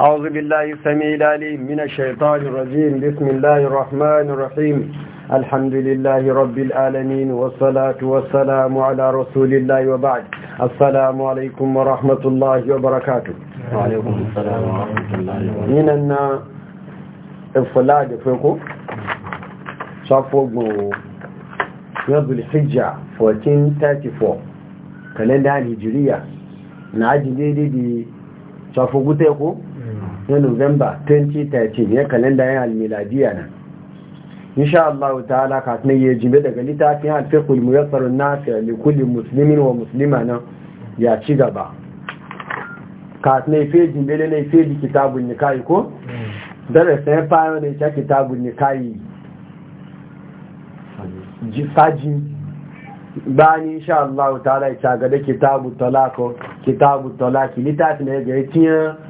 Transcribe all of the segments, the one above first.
أعوذ بالله السميع العليم من الشيطان الرجيم بسم الله الرحمن الرحيم الحمد لله رب العالمين والصلاة والسلام على رسول الله وبعد السلام عليكم ورحمة الله وبركاته وعليكم السلام ورحمة الله وبركاته من أن الصلاة فيكم صفوا يضل الحجة 1434 كالندا الهجرية نعجل دي دي صفوا قتيكم na november 2013 ya kalenda ya almiladiya na insha Allah ta'ala kafin ya jibe daga littafin alfiqul muyassar nafi ne kulli musulmin wa musulma na ya ci gaba kafin ya fe jibe ne fe di kitabun nikayi ko hmm. sai ya fara ne ta kitabun nikahi fajin bani insha Allah ta'ala ya ga da kitabun talako kitabun talaki littafin da ya ga tiyan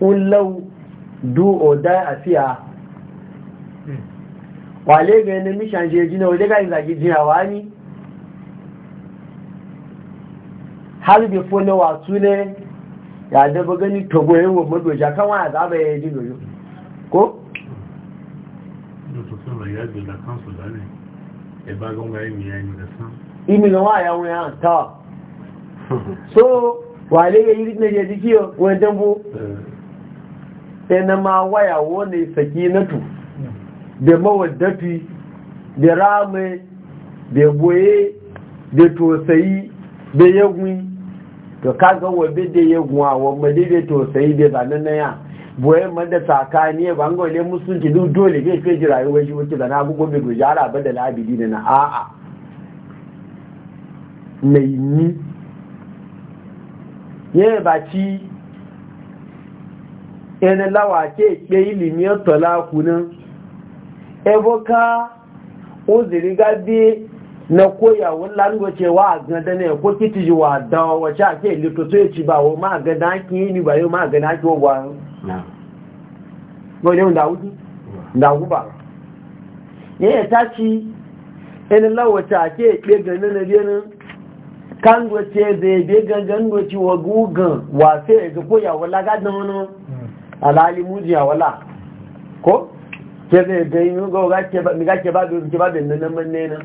ulau do or die afia wale ga ne mi shanje jina waje ga inzagi jina wani har bi fona wa ya da gani togo yawo mado ja kan wa za ba yaji ko imi na wa ya wuya ta so wale ya yi na je dikiyo wajen bu ina ma waya wani sakinatu da mawaddafi da rame da boye da tosayi da yagun to kaga wabe da yagun a wamma da tosayi da zane na ya boye mada tsakaniya ba ga wale musulunci duk dole bai fi ji rayuwar shi wuce da na abubuwa mai gujara ba da labidi da na a'a mai ni ne ba ci yana lawa ke ke ilimiyar talaku nan evoka uziri gabi na koyawun langoce wa gada ne ko kitiji wa dawa wace ake litoto ya e ba wa ma gada ake ni ba ma gada ake wa gwayo ake na zai be gangan goce wa gugan wa sai ga koyawun lagadin wani alali mujiya wala ko ke zai bai yi ga mi gake ba da ke ba da ne na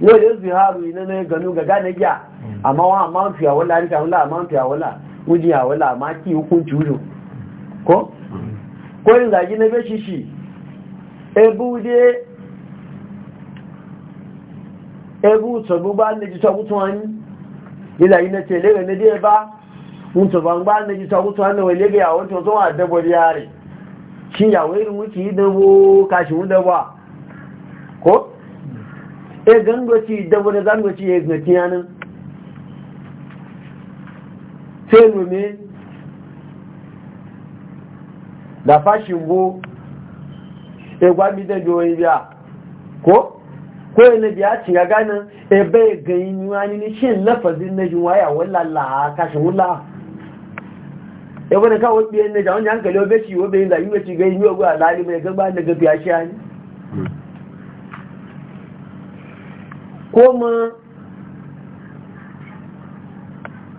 yau da su haru na ne ganu ga gane giya amma wa amma fiya wala ni ta wala a fiya wala mujiya wala amma ki hukunci wuyo ko ko yin zagi na be shishi ebu de ebu to ba ne ji to ce ba mutu ban ba na jita mutu hannu wani ga lebe a wancan zuwa dabar yare shi ya wai mutu yi dabo kashi mu daba ko e gangoci dabo e da zangoci ya gati yanin sai nome da fashin bo e gwami da biyoyi biya ko ko e na biya cin ga ganin ebe ganyi wani ne shi lafazin na yiwa ya wallala kashin wula yabo da kawo biyan na jawon hankali wabe shi wabe yin zayi yi gani yau ga lari mai gaba da gabi a shi hannu koma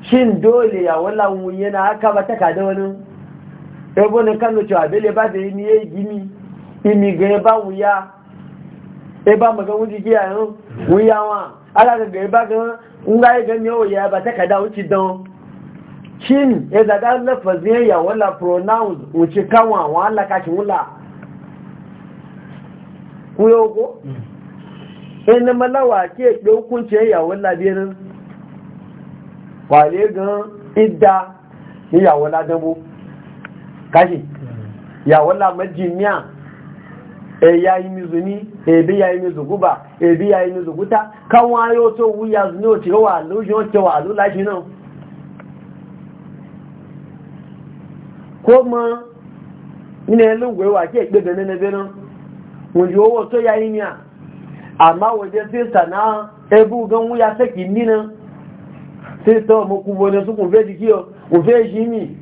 shin dole ya wala mun yana haka ba taka da wani yabo na kano cewa bele ba da yi e e ya yi gini imi ga ya ba wuya ya ba maga wuji giya yan wuyawa ala ga ga ya ba ga ngaye ga miyawa ya ba taka da wuce don shin ya eh, zaga lafazin ya wala pronouns wuce kanwa wala kashin wula kuyogo ina mm. eh, malawa ke ɗaukunce ya wala biyanin kwale gan idda ni ya wala dambo kashi mm. ya wala majimiya e ya yi mizuni e bi ya yi mizuguba e bi ya yi mizuguta kanwa yóò tó wúyà ní òtí ó wà lójú ó tẹwà ló láti náà ko ma ina yin lungwai wa ke gbe ganin na benin wunji owo to ya yi niya waje sai sana ebu gan wuya saki nina sai ta wa makubo ne su kunfe jiki o kunfe shi ni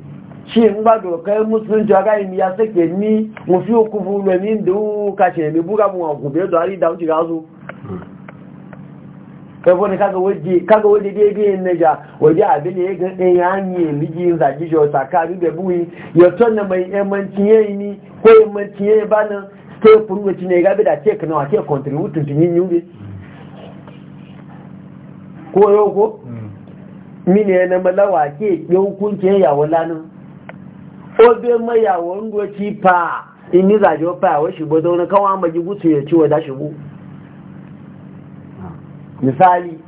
shi n ba dokai musulunci aga yi ya sake ni mo fi okufu lomi ndo buga mu ari da ebone kaga waje kaga waje dai dai naja waje abin ne ga ɗan yanye miji zaki jo sakari da buyi ya tonna mai yamanci yayi ni ko yamanci yayi bana sai furu wace ne ga bida ce kana wace contribute tin yin yuge ko yo ko mm. mine na malawa ke yau kun ke ya wala nan obe mai ya wando ci fa in ni zajo fa wa shi bodo na kawa maji gusu ya ci wa da shi bu misali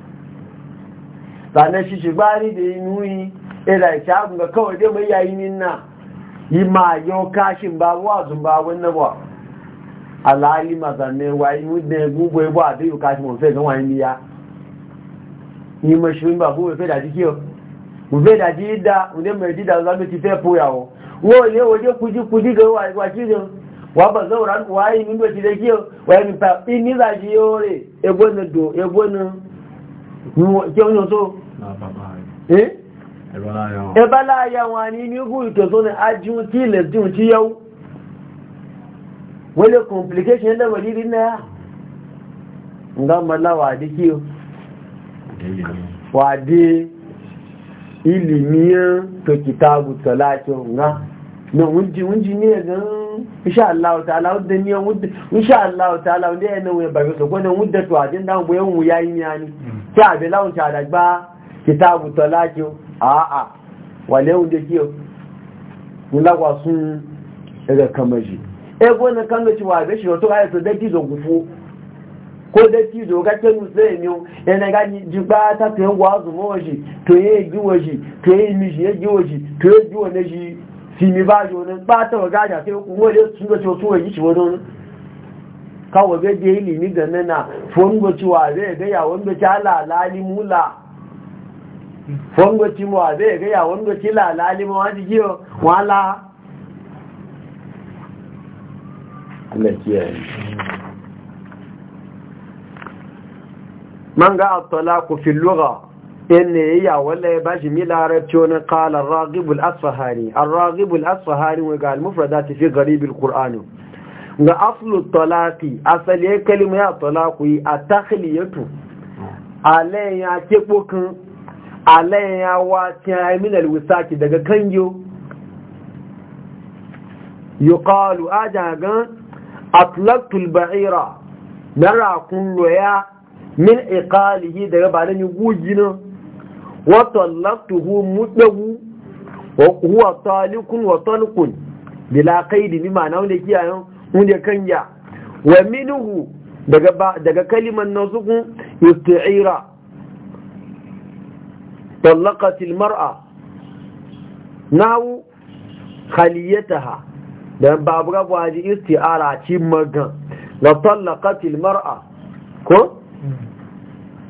ranar shi shi bari da yi nuyi ila e ita shagun ga kawai dai mai yayi nina yi ma yau kashin babu wa zun babun na ba alali mazanne wayi wudda ya gugu ya ba da yi kashin mafi ga wani biya yi mashirin ba kuma fai da jiki yau mafi da ji da wunde mai ji da zama ti fai foyawo wo ne waje kuji kuji ga wa kizin wàbà zọ́wọ́rọ̀ wáyé nígbà tí lè kí o wáyé nípa nígbà ni yóò rè egbónà dò egbónà kí o ní ọ̀tọ́ ẹbá láàyà wọn ni ní ogún ìtọ̀tọ́ ní ajíun tí ilẹ̀ dùn tí yẹ́ wọ́n lè complication lẹ́wọ̀ lírí náà ǹgá mọ́lá wà dé kí o wà dé ilì mìíràn tó kìtà àgùtọ̀ na wunji wunji ne gan insha Allah ta'ala wadda ne wudda insha Allah ta'ala wadda ya nan ba ga ko nan wudda to ajin dan boye mu yayi ni ani ta be lawun ta da gba kitabu talaqi a a wale wunde kiyo mun lagwa sun daga kamaji e gona kan ga cewa be shi to ga to da kizo gufu ko da kizo ga kenu sai ne yana ga ji ba ta ta yan gwazu mo shi to ye giwo shi to ye mi shi ye giwo shi to ye giwo ne shi tìmí bá yóò ba bá tẹ̀wọ̀ gáàjà tí ó kúrò lé tún gbọ́tí ọtún èyí ṣe wọ́n káwọ̀ bẹ́ dé ilì ní gẹ̀mẹ́nà fóńgbọ́tí wà rẹ̀ ẹ̀gẹ́yàwó ń gbọ́tí aláàlálí múlà fóńgbọ́tí wà rẹ̀ ẹ̀gẹ́yàwó ń gbọ́tí aláàlálí mọ́ wọ́n ti jí wọ́n lá من inne ya wallahi ba shi mi larabci wani kalar ragibul asfahani an ragibul asfahani wa ga almufrada ta fi garibin ƙur'anu ga aflu talaki asali ya kalima ya talaku yi a takliyatu alayin ya keɓokin alayin ya wata daga kanyo yi ƙalu ajagan atlaktul ba'ira na min iqalihi daga ba da وطلقته مده وهو طالق وطلق بلا قيد بمعنى ولك يا ولك Wa ومنه daga daga kalimar nasuku isti'ira طلقت المرأة dan babu isti'ara ci magan la ko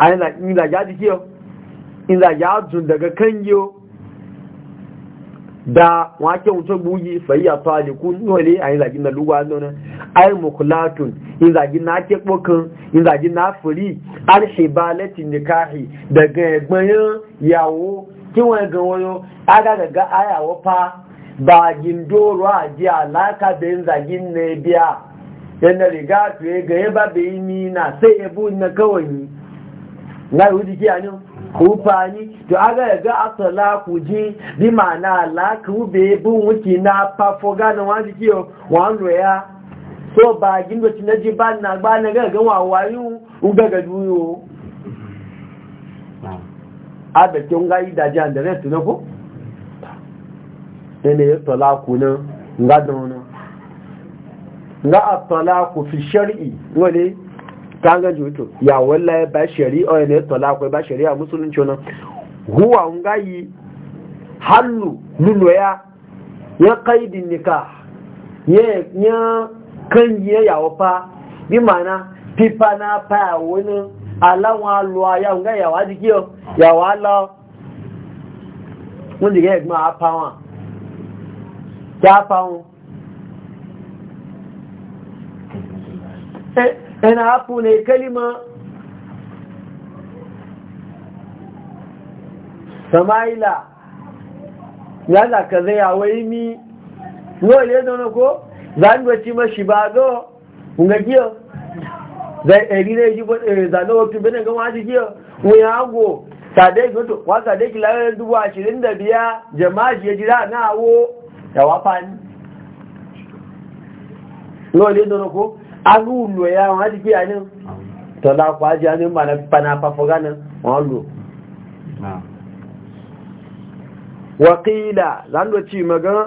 ai la jadi kiyo in za ya jun daga kanyo da wake wuce buyi fayya kun nole a yin zagi na lugwa nuna ayin mukulatun in zagi na ake kokan in zagi na furi an shibalatin kahi daga egbayin yawo kiwon wọ́n gan wọ́n ga agagaga ayàwó pa bàgìn dóòrò àjí alákàbẹ̀ ń zàgí ní ẹbí à yẹnà rìgá àtúwé ga yẹn bá bẹ̀ yìí ní iná sí na kawai na yìí láì ó di kí a kufani to aga ga asala kuji bi mana la kube bu wuki na pafo ga na wani kiyo wanwe ya so ba gindo tinaji ba na gba na ga ga wawayu ugaga duyo abe ke nga ida jan da retu nako ene ya talaku na nga dono nga atalaku fi shar'i wale kan ga juto ya wallahi e ba shari'a ne talaqo ba shari'a musulunci nan huwa ngai hallu nunu ya ya qaidin nikah ya ya kan ya ya wafa bi mana pipa na pa wani alawon aluwa ya nga ya wa jikiyo ya wa lọ wọ́n jìgẹ́ ẹ̀gbọ́n apá wọn Ya apá wọn ina haku ne kalima samaila ya zaka zai yawai mi yau ne ko za ni bacci mashi ba zo ga giyo zai ɗari ne shi zane wato bane gama dubu ashirin jama'a shi e jira na awo da wafa ni yau ne ko agúlò ya wọ́n ti kí àní tọ́lá ọkọ̀ ajé àní mọ̀nà panapafọ́gá ní wọ́n lò wakila lánàtí magan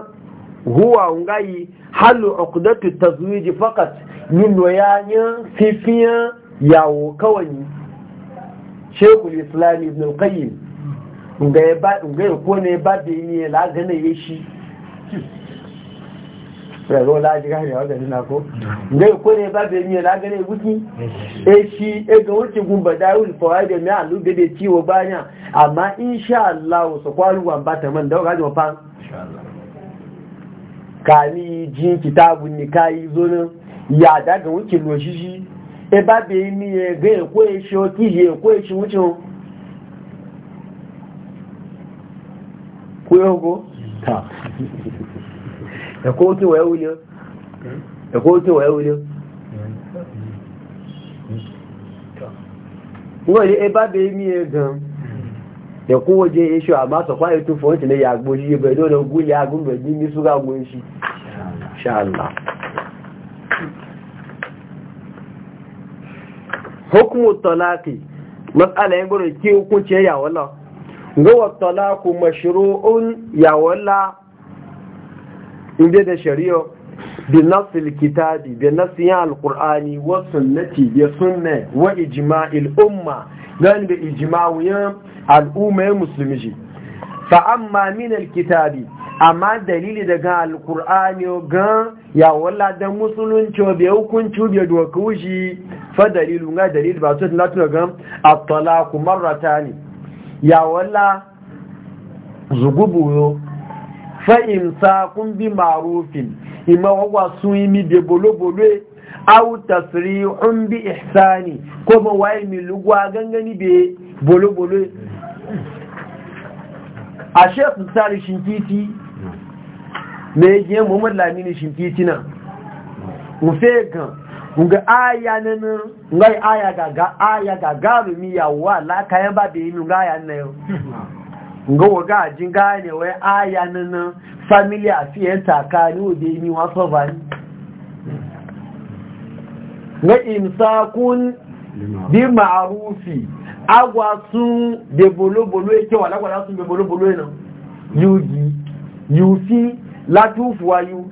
huwa ngayi halu ọkùdọ́tù tazwiji fakat nínú ya ní fífíyàn yàwó kawai shekul islami ibn al-qayyim nga ya kone ba da yi ne lagana ya shi ẹ̀rọ láti káàkiri ọ̀gẹ̀ nínú akó ǹgẹ́ ìkó ní ẹbá bèèrè ní ẹ̀lágẹ́rẹ́ ìwúkí èṣì ẹgbẹ̀ ó ti gun bàdá da ẹgbẹ̀ mẹ́ àlúgbẹ̀dẹ̀ tí ó bá yàn àmá wa òsùpá àrùwà bá tẹ̀mọ́ ìdáwọ̀gájọ pa ka ní jí kìtàbù nìka ìzóná ìyà àdágà ó ti lò ṣíṣí ẹbá bèèrè ní ẹgbẹ́ ẹ̀kó èṣì ó kí ẹ̀kọ́ tí wọ́n wúlé ẹ̀kọ́ tí wọ́n wúlé gan ẹ̀kọ́ wọ́n jẹ́ iṣu àmá sọ̀pá ètò fún yàgbó yíye bẹ̀ẹ́ lọ́nà gúlẹ̀ agúnbẹ̀ ní ní ṣúgá wọ́n ṣí ṣàlá hukumu talaki matsala yin kí hukunci yawon talaku mashiru'un yawon inda da shari'o, bi nasil kitabi bi yin alqur'ani wa sunnati bi sunna wa ijma'il umma dan da Musulunci. al'umma muslimi fa amma min alkitabi amma dalili daga alqur'ani ga ya walla da musulunci bi hukunci bi dokuji fa dalilu ga dalil ba su latu ga at-talaq marratani ya walla zugubu fa'imsakun bi marufin ima wawa sun yi mi de bolo-bolo au tasri'un bi ihsani ko ma waye mi lugwa gangani be bolo-bolo a shek misali shinkiti na yake yin lamini shinkiti na mufe gan nga aya nana nga aya gaga aya yawo alaka yan ba be yi nga aya na yau ga waga ajin gane wai aya nan family affairs takani ode ni wa so ba ni na kun bi ma'rufi agwa sun de bolobolo eke wala wala sun de bolobolo e nan yugi yufi latufu wayu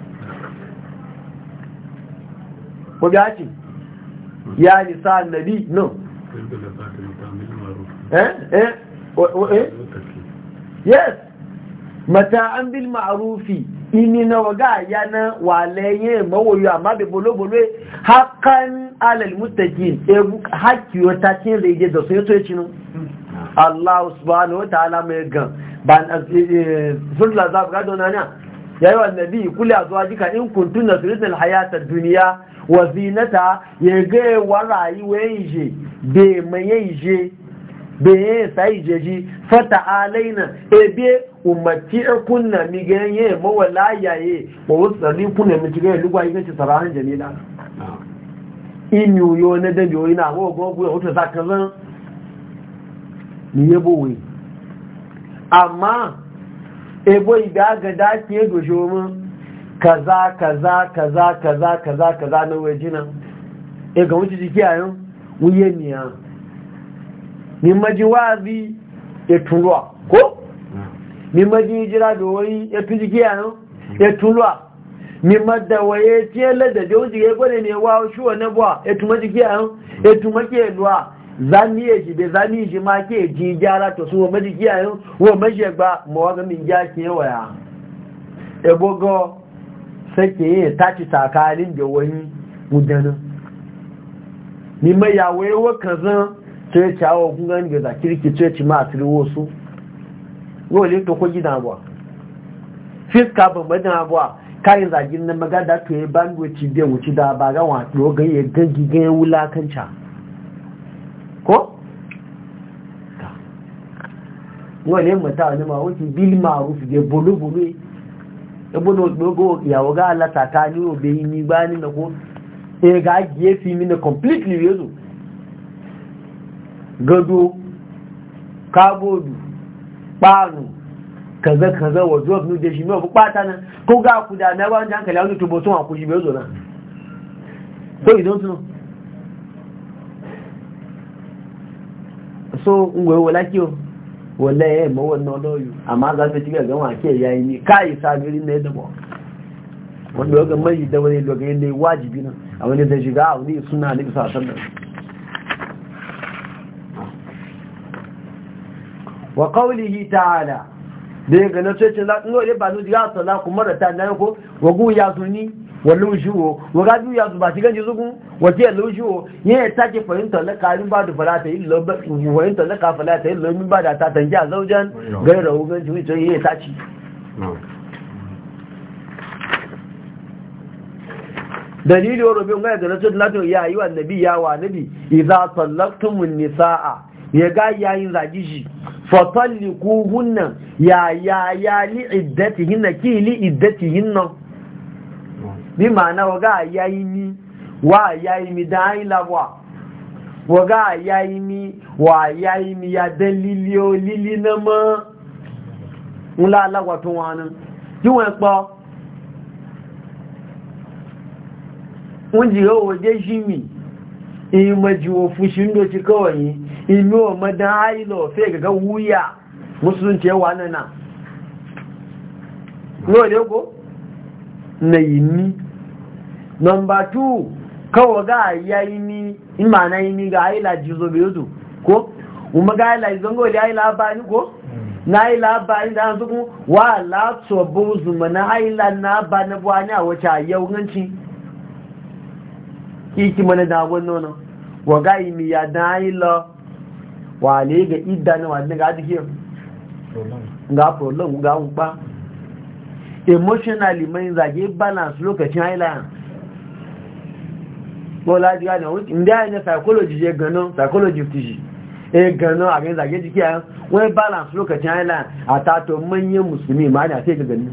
ko bi ake ya nisa annabi no eh eh eh yes mata'an bil ma'rufi inina waga yana walaye mawoyo amma be bolo bolo hakan alal muttaqin e hakki wata tin rege da so to yacinu Allah subhanahu wa ta'ala mai gan ban sulla eh, eh, zab ga donanya yayi wa nabi kulli azwajika in kuntunna turidna hayatad dunya wa zinata ya ga wa rayuwa yije be mai yije be ya sai jeji fata alaina ebe ummati kunna mi ga ye mawala yaye wa wasari kunna mi ga lugwa yi ga ci sarahan jamila ah. imi uyo na dabi oyi na abuwa gogo ya wuta zakalin ni yabo wai amma ebo ibi aga dace ya doshe omen kaza kaza kaza kaza kaza kaza na wajina e eh, ga wuce jiki a yau wuye niya ni maji wazi ya tulwa ko ni maji jira da wani ya fi jiki a yau ya tulwa ni madda waye tiye da da wuce ya gwada ne wa shi wa na buwa ya tuma jiki a yau ya tuma ke luwa zani ya shi bai zani shi ma ke ji gyara to su wa maji kiyayen wa mashi maji ba ga min ja ke waya ebogo sake ya tashi tsakanin da wani gudanar ni mai yawai wakan zan ce ce gungan da za kirki ce ce ma a tiri wasu ne to ko gina abuwa fiska ban bajin abuwa kayan zagin na magada to ya bandwaci biya wuce da ba ga wani dogon ya gangi kan wulakanca ko? ne mata wani ma wuce bil maruf da bulu-bulu ibn ogbogbo ìyàwó gá bai ní òbè imi ni nínú kó ẹgá gíé fi mi na completely rézò gado kábòdù páàrùn kàzẹ́kàzẹ́ wardrobe ní jẹ́ṣì mẹ́ ọ̀fún pátá náà kó gá àkúdà mẹ́wàá ní àkàlẹ̀ àwọn ìtòbò tún àkújì mẹ́zò náà so you don't know so ngwẹ̀wọ̀ lákí o wala ya ma wannan lauyu amma za ta ciga gama ke yayi ne kai sabiri ne da wanda ya ga mai da wani daga ne wajibi nan a wani da shiga a wani suna na ba sala kuma da ta ya suni wallon shiwo wa ga ya zuba ba shi ganji zugun wace yallon shiwo ya yi take fahimtar na karin ba da falata yi lobe fahimtar na falata yi lobe ba da ta tanki a zaujen gari da hukunci wuce ya yi taci wa rubin gaya ga nasu latin ya yi wa nabi ya wa nabi idza sallaktumun nisa'a ya ga yayin zagi shi fatalliku hunnan ya ya ya li iddatihinna ki li iddatihinna bí màánà wọ́gá àyá imi wà àyá imi dá ìlàwà wà àyá imi ya dẹ́ lílí o lílí náà mọ́ ńlá aláwà tó wọn ní tí wọ́n pọ́ oúnjẹ owó dé ṣími ìmọ̀jìwò fúnṣí ń lóṣí yìí inú ọmọdá àìlọ̀ fẹ́ gẹ̀gẹ́ wúyà mùsùlùmí tẹ́wàá náà na yi ni nomba 2 kawo ga ya na yi ni ga aila jizo bezu ko kuma ga aila izongo da aila bani ko na aila bani da kuma wa la to ma na aila na buwa bwani a wace yau ganci kiki mana da wannan nono wa ga imi ya da aila wa ne ga idda na wannan ga adikiyar ga problem ga hukpa emotionally mai zage balance lokacin highland bọ́lá jíra ní ọ̀wọ́n ìdí àyẹ̀yẹ psychology jẹ ganan psychology ti jì e ganan àgbẹ̀ zage jíkí wọ́n balance lokacin highland àtàtọ̀ manyan musulmi ma ní àti ìgbẹ̀gbẹ̀ ní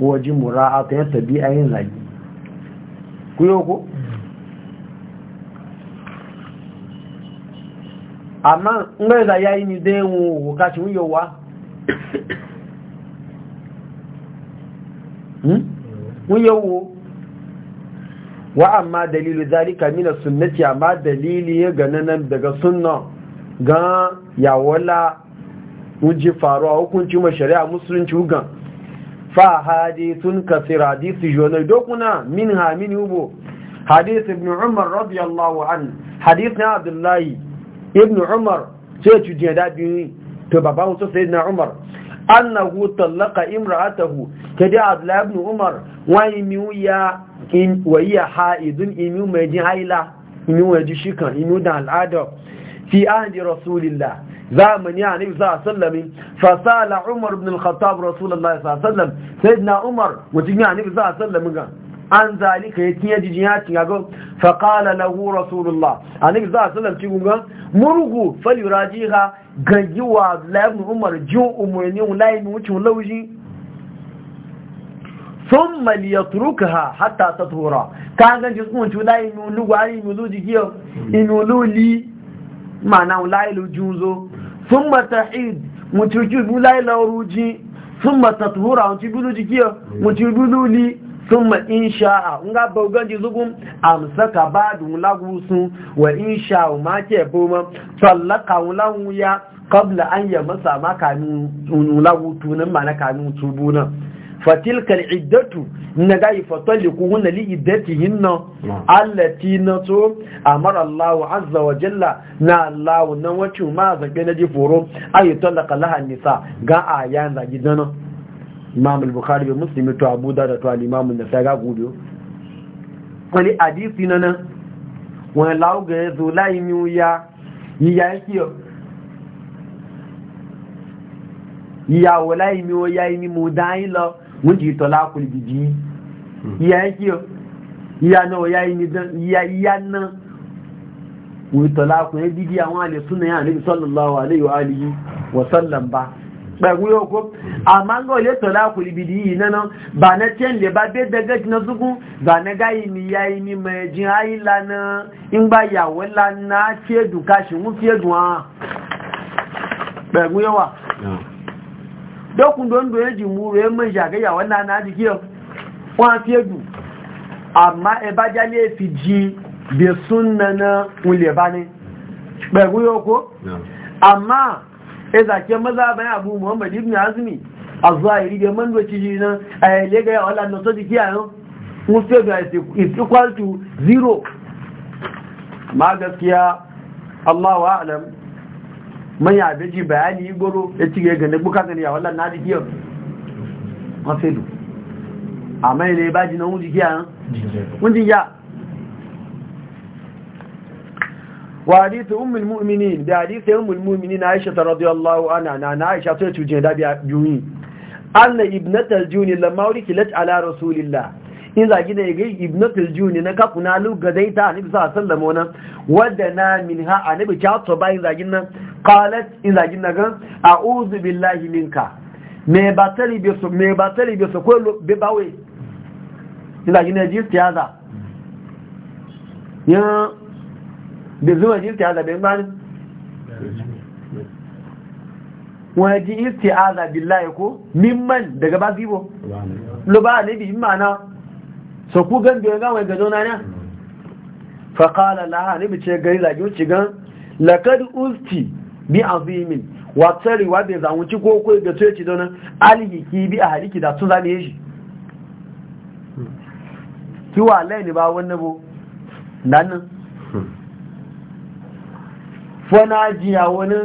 wọ́n jí múra àtẹ́yẹ́ tàbí ayin zage kúyókó amma ni wa Hmm? wo wa amma dalilu zalika mina sunnati amma dalili ya gana nan daga sunna ga ya wala wuji faruwa hukunci ma musulunci uga fa hadithun kasira hadisi jona dokuna min ha min yubo hadith ibn umar radiyallahu an hadith na abdullahi ibn umar sai tuje da biyu to baban su sayyidina umar annahu tallaka imra'atahu kadi abdullah ibn umar wa imiu ya in wa ya haidun imu mai jin haila imu mai ji shikan imu da al'ada fi ahdi rasulillah zamani ani sallallahu sallami fa fasala umar ibn al-khattab rasulullah sallallahu alaihi wasallam sayyidina umar mutum ya annabi sallallahu alaihi wasallam an zali ya tiye jijin ya cin lahu rasulullah a za a salam ci gungan murgu falura jiha gangi wa laifin umar jin umarni layin wucin lauji sun maliyaturuka ha hatta ta tura ka ganci sun wuce layin nulu gwari nulu jigiyar inulu li ma'ana layin lujun zo sun mata'id mutu ki bulayi laurujin bulu jigiyar mutu thumma insha'a nga baugan ji zugun amsaka badu lagusu wa insha'u ma ke boma sallaka lahu ya qabla an yamsa ma kanu lagu tunan ma na kanu tubuna fatilka al'iddatu na gayi fataliku hunna li iddatihin nan allati na to amara Allah azza wa jalla na Allah nan wacce ma zabe na ji foro ayi talaka laha nisa ga ayan zagi dana imam al-bukhari da muslim to abu da da to al-imam an-nasai ga gudu wani hadisi nan wani lauga ya zo layi mi ya yi ya yake ya wala yi mi o ya yi mi mo yi lo mun ji to la kul biji ya yake ya na o ya yi mi dan ya ya na wi to la kul biji àwọn ale sunna ya nabi sallallahu alaihi wa alihi wa sallam ba ɓaguyo ko amma ga wale tola kulibidi yi nan ba na can da ba bai daga na suku bana na gayi ni ya yi ni mai jin ayi lana in ba ya wala na fiye duka shi mun fiye duwa ɓaguyo wa dokun don doye ji muru ya mai shaga ya wala na jiki yau wọn fiye du amma fi ji bai nana na wule ba ne ɓaguyo ko amma ya zake maza bai abu muhammad ibn azmi a zuwa iri da man doci shi nan a yale ga yawa lannan so jiki a yau musu ga is equal to zero ma gaskiya allah wa alam man ya beji bayani yi goro ya ci ga gane buka gani yawa lannan jiki yau ma fedu amma yale baji nan wujiki a nan wujin ya وحديث أم المؤمنين بحديث أم المؤمنين عائشة رضي الله عنها أنا عائشة تجين دا بيوين أن ابنة الجون لما وركلت على رسول الله in zagi da gai ibnatul juni na kafu na lugadai ta anabi sa sallama nan wadda na min ha anabi ta to bayin zagin nan qalat in zagin nan gan a'udhu billahi minka me batari da zuwa jirti azabin mani wọ́n jí ìsì àzàbìlá ẹ̀kọ́ mímọ̀n daga bi síbò ló bá níbi ìmàna sọkú gẹ́gbẹ̀ gáwọn ẹgbẹ̀ zọ́nà náà fàkàlà ne níbi ce gari zagi wuce gan lakadi usti bi azimin tsari wa bai zamunci ko ko ga to yace dona ki bi a haliki da sun zame shi kiwa lai ne ba wannan bo nan hmm. fọ́nà jíyàwó ní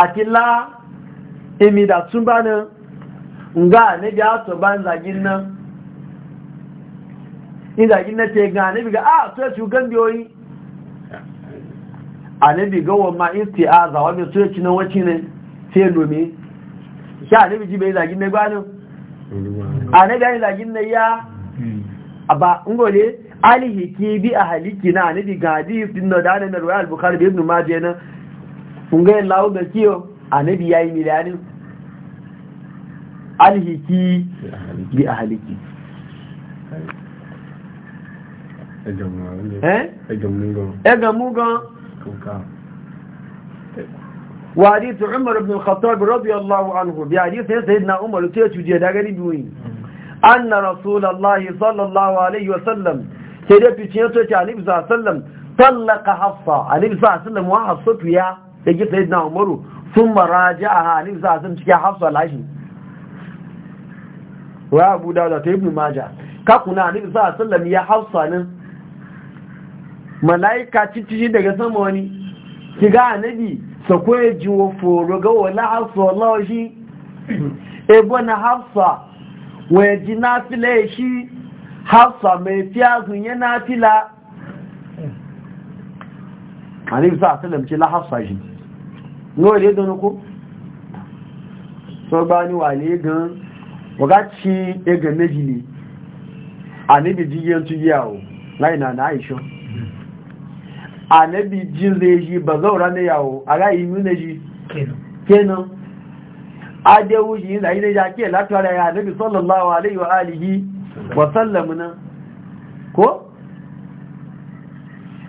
àti lá èmì ìdàtúnbá ní ǹgá níbi àtọ̀bá ìzàgín náà tẹ gan níbi ga àtọ́ ah, ẹ̀tù gẹ́gbì orí àníbi gọ́wọ́ ma ìtì àzàwọ́ bí tó ẹ̀kì náà kí ní tí èlò mi ṣe àníbi jí gbá alhiki bi a haliki na anabi ga hadis da dane royal bukhari ibn majah na kun ga lawo ga kiyo anabi yayi milanin alhiki bi a haliki ẹgbẹ̀ mú gan wa hadith umar ibn al-khattab radiyallahu anhu bi hadith sayyidina umar tayyib je daga ni biyu mm. anna rasulullahi sallallahu alaihi sai dai ficiyar ce alif sa sallam tallaka hafsa alif sa sallam wa hafsatu ya da ki sayi na umaru sun maraja a alif sa sallam cikin hafsa lashi wa abu da ta ibn maja kakuna alif sa sallam ya hafsa nan mala'ika cici daga sama wani Ki ga anabi sakwai jiwo foro ga wala hafsa wallawa shi ebo na hafsa waje na fila shi hafsa mai fiyazun yana fila a ne bisa asalamci la hafsa shi yau ne don ku sau ba ni wa ne gan wagaci egan meji ne a ne bi jiyan tuyawo laina na aisha a ne bi jin zai ji ba zaura na yawo a ra'ayi nuna ji kenan adewuji yin da yi na jake latuwa da ya nabi sallallahu alaihi wa alihi wa na ko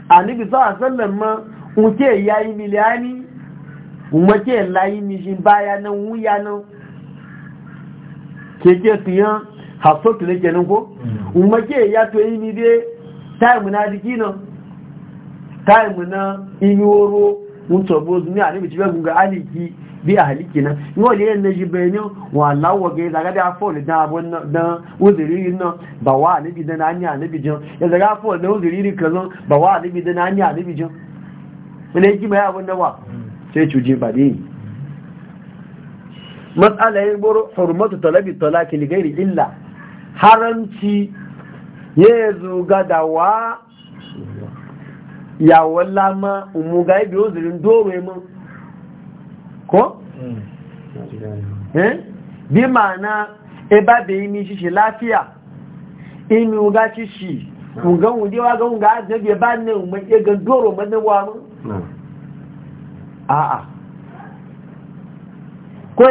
anibi sa wasallam ma unke yayi miliyani umake layi mijin baya nan wuya nan keke tiyan haso ne kenan ko mm. umake ya to yi ni dai time na diki nan time na inyoro mutobo ni anibi tibe gunga aliki bí àhàlìkì náà ní ó lè ẹ̀nà ìbẹ̀ ní wọn aláwọ̀ gẹ̀ẹ́ ìzàgádẹ́ afọ́ọ̀lẹ̀ dán òzìrírí náà bà wá àníbì dán ní àníbì ìzàgá afọ́ọ̀lẹ̀ dán òzìrírí bà wá àníbì dán ní àníbì jẹun ilé jí mẹ́ àwọn náwà haramci ya zuga da wa lama umuga ibi ko? Hmm. Eh? bí ma'ana ẹba e bèyí mi ṣiṣe láfíà inú ga ṣiṣi ǹgan wùdíwá gan ga ajẹ́gbẹ̀ bá ní ọmọ ẹgbẹ̀ dóró mọ́ níwá mọ́ àà kó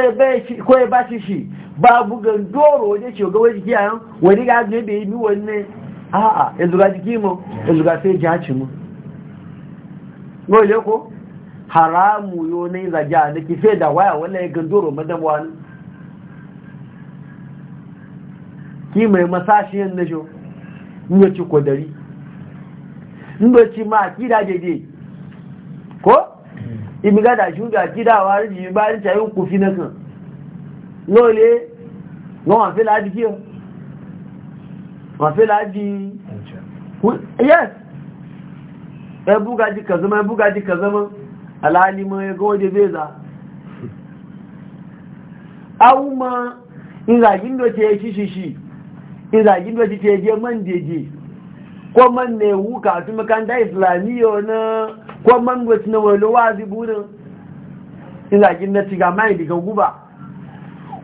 ẹbá ṣiṣi bá bugan dóró ṣe àyán wọ́n ga ní mọ́ fẹ́ jẹ́ haramu yo ne zage a nake fe da waya wala ya gandoro madawa ne ki mai masashi masashiyan na jo inda ci kodari inda ci ma ki kida dede ko mm. Imi imiga da shuga kida wa rijimi bayan cayin fi na kan lole wọn wà fẹ́ láti kí o wà fẹ́ láti yes ẹbúgájí e kazama ka zama. E alalimin ya gode zai za auma izagin da ce ya shi shi izagin da ce je man deje ko man ne wuka su makanta islamiyya na ko man wasu na wani wazi burin izagin da ciga mai daga guba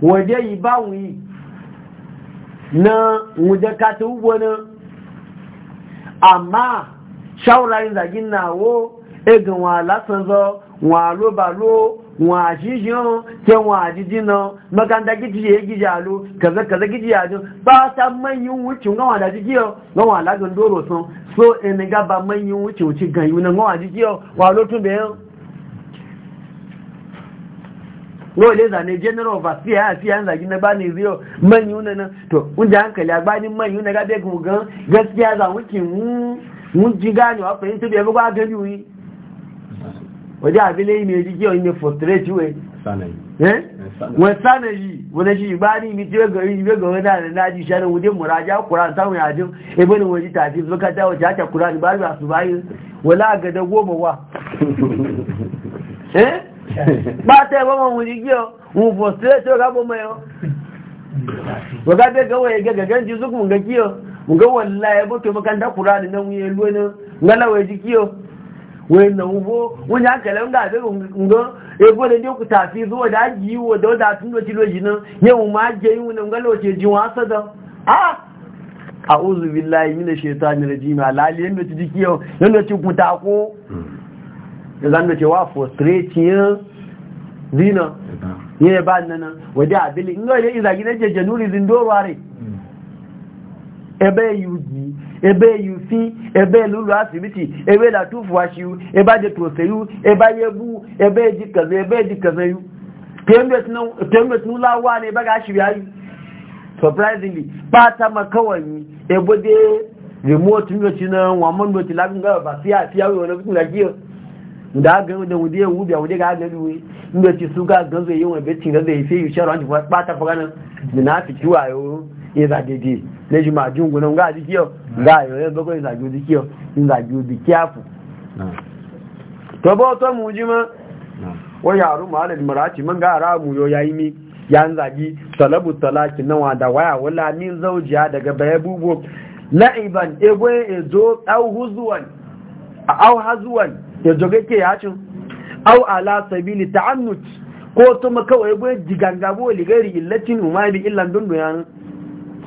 waje yi ba wuyi na wujen kata ugbo na amma shawarar izagin na wo egan wọn alásanzọ wọn alóbaló wọn àṣíṣíọ́ tẹ wọn àjíjí náà mọ́kàndá gíjì ègíjì àlú kẹfẹ́kẹfẹ́ gíjì àjọ bá sá mẹ́yìn wúchùn gáwọn àjíjí ọ lọ́wọ́n alágan dóró san so ẹni gába mẹ́yìn wúchùn ti gan ìwọ̀n gáwọn àjíjí ọ wà ló tún bẹ̀ẹ́ wọ́n lè zane general of asia àti yan zagi na bani ziyo manyu na nan to wunje hankali a gbani manyu na gabe gugan gaskiya wuce mun ji gane wa fahimta bai bugu a gani wuyi waje abile mai jike wani frustrate we wani sana yi wani shi ba ni mi ce gari ibe ga wani da na ji shanin wuje muraja kuran samun ebe ni waje tafi zuka ta wace haka kuran ba eh? ba e su wannan ubo wani haka lan ga eh, da ngo e bo da ku tafi zuwa da ji wo da da tun lokaci lokaci nan yau ma yi wannan ga lokaci ji wa sada a a'udhu billahi minash shaitanir rajim alaliyan da ci dikiyo nan da ci kuta ko da zan da cewa frustrating zina ne ba nan waje abili ngo ne izagi na je januri mm. ebe ebe yufi ebe lulu asibiti ebe la tufu ashiyu ebe aje ajetoseyu ebe aye bu, ebe ejikaze ebe ejikazeyu tembe tunulawa ne ebe ga ashiyayu surprisingly pata makawai ebe de remote nyoci na wamman nyoci lagin gaba ba fiya fiya wani kutu lagiyar da aka gani da wuje ya wubiya wuje ga gani wuye inda ce su ga ganzo yi wani beti na ya fi yi sharon ji fata faganin da na fi kiwa yau ìzà dèdè lẹ́jù máa jí ògùn náà ń gá àdíkí ọ̀ ń gá àyọ̀ ẹ̀ bọ́kọ̀ ìzà jù òdíkí ọ̀ ń gà jù òdíkí àpù tọ́bọ́ tọ́ mú jí mọ́ wọ́n yà rú màálẹ̀ mọ̀ráàtì mọ́ gá ara mú yọ ya imi ya ń zagi talabu talaki nawa da waya wala min zaujiya daga baya bubo la'iban ego ezo au huzuwan au hazuwan ezo gake ya cin au ala sabili ta'annut ko tuma kawai ego jigangabo ligari illatin umari illan dunduyan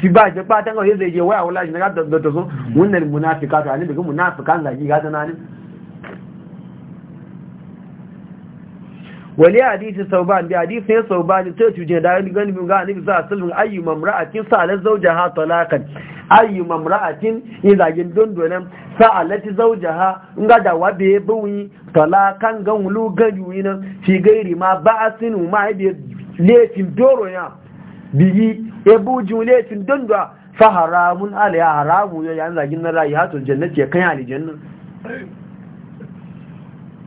fi ba shi fatan kawai zai je waya wula shi na gata da so wannan munafika to annabi ga munafikan zaki gata na ne wali hadisi sauban bi hadisi ne sauban ta tuje da gani gani ga annabi sa sallin ayyu mamra'atin sa'alat zawjaha talaqan ayyu mamra'atin izagin sa sa'alat zawjaha ga da wabe buwi talaqan gan wulu gani nan fi gairi ma ba'asin ma bi laifin doro ya biyi ebu bujin laifin don da fa haramun ala ya haramu ya yan zagin na rayu hatun jannati ya kan ya aljannan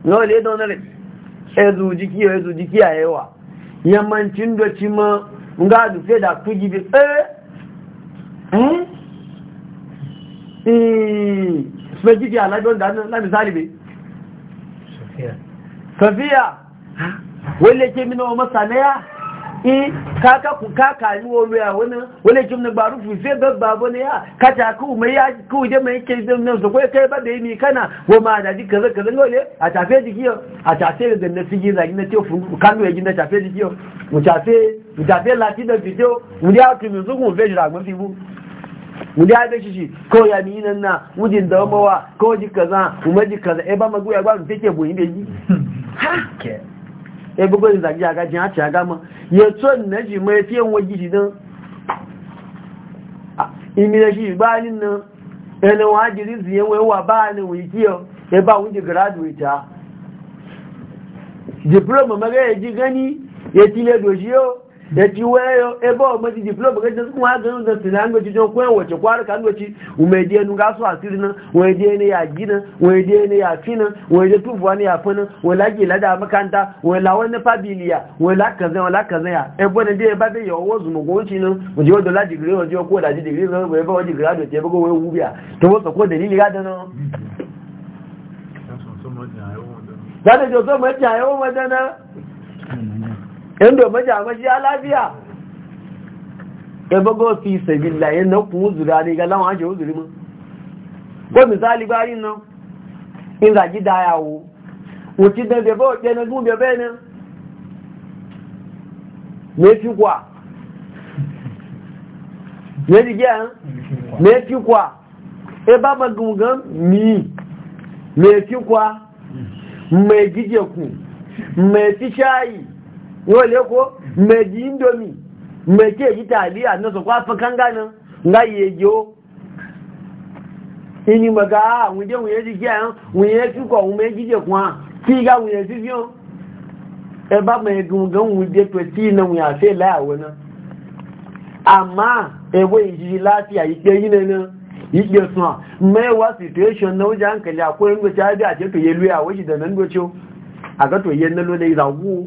no le don na Ya zu jiki ya zu e, hmm? jiki Ya yawa yamancin da ci ma nga du fe da ku gibi eh Suna eh fe jiki ala don da na misali be safiya safiya wale ke mino masanaya in eh, kaka ku kaka ni wolu ya wona wole jumna barufu ze babba bone ya kata ku mai ya ku je mai ke zan nan so kai e kai ba da ni kana wo ma da ji kaza kaza ngole a tafe jiki a tafe da na sigi za gina te fu kanu ya gina tafe jiki mu tafe mu tafe lati da video mu ya ku mu zugun fe jira mu fi bu mu da ga shi ko ya ni nan na mu din da mawa ko ji kaza mu ji kaza e ba magoya ba mu take bu da ji hmm. ha ke ya eh, gbogbo yin zagi a gajin haci a gama ya tso na ji mai fiye wajen gidi don imina shi nan yana wa gidi ziyan ya ba wunji graduate diploma maga gani ya tile yau. da jiwayo ebe o maji diploma ga jinsu kuma ga ga jijon ko wace kwara kan wace umediye nu ga asụ asiri nan umediye ya gina umediye ne ya fina umediye tufuwa ya fina wala ke lada makanta wala wani fabiliya wala kaza ya ebe ne dai ba dai yawo zumu digiri digiri yan domin jamashi ya lafiya ya bago sabila yin na kun ne ga lawan ake uzuri mun ko misali bayin nan in zagi dayawo wuci da bebe o kenan gun bebe ne me kwa me jige me kwa e ma mi me kwa me jije ku me fi shayi yau ne ko mai ji indomi mai ke yi taliya na sokwa kwafa ganin nga yi ejo ini maga a wunde wunye jiki yan, wunye kíkọ wunye jíjẹ kun a kí ga wunye fífi o ẹ bá mẹ gungan wunde tó na wunye àfẹ láyàwó na àmà ẹwọ ìṣiṣi láti àyíkẹ yìí nínú ìgbẹ sùn à mẹwàá situation náà ó jẹ àǹkẹlẹ àkóyẹ ńgbẹ̀ṣẹ́ àbí àjẹtò yẹlú ẹ̀ àwọn ìṣìdẹ̀nà ńgbẹ̀ṣẹ́ àgọ́tò yi náà ló lè ìràwọ̀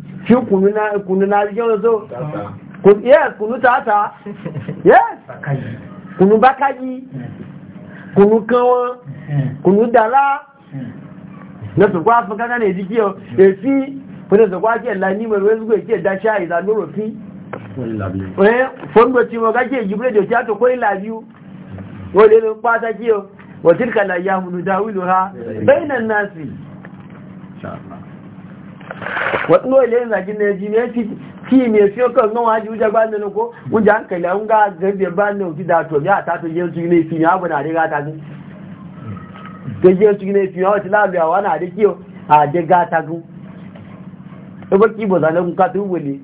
shi kunu na rikin wasu yes kunu tata yes kunu bakaji kunu kanwa kunu dara? na su afirka na ne jikiyo efi wani su kwa lani mai wani zuwa ke da sha fi? noro fondo ti wọn gájẹ́ ìjìbúrẹ́ jọ tí a tó kó ìlàjú wọ́n ki lọ pàtàkì ọ wọ̀tíkàlà ya múnú dáwìlò ha hmm. bẹ́ẹ̀ náà waɗanda ilayen zagin na yaji ne fi mai fiye kan nan waji wuce ba nan ko wuce hankali an ga gabe ba nan da to ya ta tun yin ne fi ya bana riga ta gun ta yin su ne fi ya wata labiya wani a dake a daga ta gun ta baki ba zanen kuka tun wule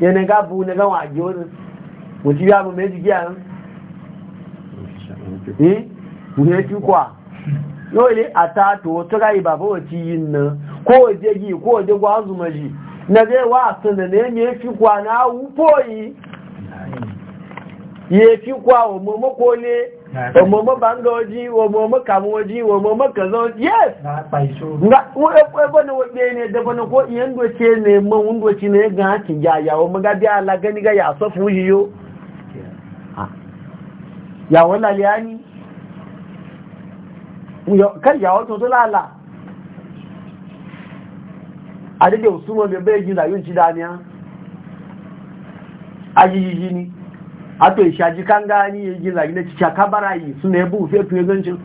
yana ga bu na a wani mutu ya mu mai jigiya eh mu ne kwa yau ne a ta to ga yi ba yin nan ko waje yi ko waje gwazu maji na zai wa sanane ne fi kwana wufoyi ya fi kwa wa mama kone wa mama banga waji wa mama yes na wa na kaza waji yes nga wani e, e, wabe ne da bana ko iyan doce ne man wundoci ne ga hakin yaya wa maga biya ala gani ga ya sofu yiyo ah. ya wala liyani kar ya wato to lala adede osunmo mi be a da yun ti dani an ni ato isaji e kanga ni ejin la ile chicha kabara yi sun ebu fe tun egancin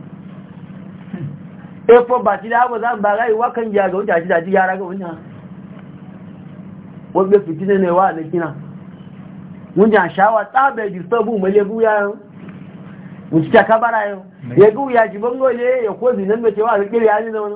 efo bati da abu zan barai wakan ya ga wuta da ji yara ga wuta wọ́n gbé fìtínẹ̀ na ẹwà àlẹ́kínà wọ́n jẹ́ ya tábẹ̀ dìstọ́bù mẹ́lẹ́gú yá ẹ̀rùn òtítà kábára ẹ̀rùn na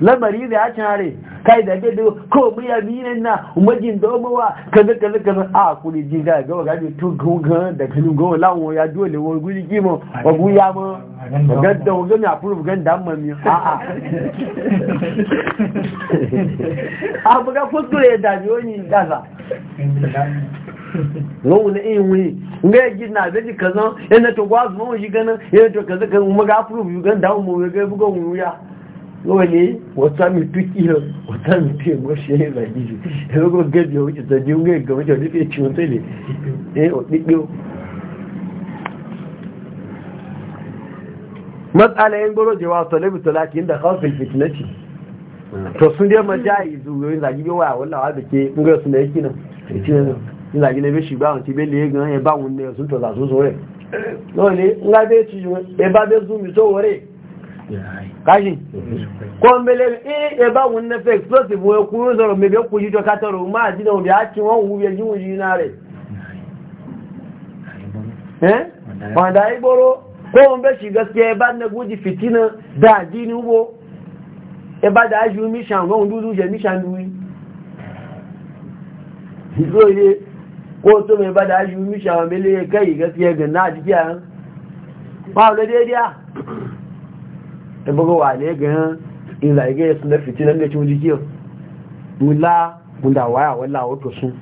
lamari da ya canare kai da ke ko mu ya minan na umajin domowa kaza kaza kaza a kuri jin ga ga ga tu gunga da kanu go lawo ya dole wo guri kimo wa guya mo ga da wo ga proof ga da amma mi a a a bu ga fuskure da yo ni daza lawu ne in e wi nga ya gina da ji kaza yana e to gwazu mo shi ganin yana e to kaza kan mu ga proof ga da mu ga bugo mu ya wani wata mitu kiyo wata mitu emo ṣe ìrìnàjíjì ẹgbẹ́gbẹ́ gẹ́bí oúnjẹ tẹ́jú ń gẹ́gẹ́ ọjọ́ nífẹ́ tí ó tẹ́lẹ̀ ní ọ̀pípẹ́ o matsala yin gbọ́rọ̀ jẹwa da fitinati wà wọ́n káṣí kọ́mbélé ẹbá e, e, wọn nẹ́fẹ́ explosive wọn kú ń sọ̀rọ̀ mẹ́bí kú yíjọ kátọrọ máa dínà òbí á tí wọ́n wúwẹ́ yíwú yí náà rẹ̀ ọ̀dá igboro kọ́mbé ṣì gaskiya ẹbá nẹ́gújì fìtínà dáadí ní wó ẹbá dáájú míṣàn rọrùn dúdú jẹ míṣàn lúwí ìgbóye kó tó mẹ́ bá dáájú míṣàn mẹ́lẹ́ kẹ́ da buga wane ganin in ya su na fitinan da cin jikiyar mula munda waya wala wato sun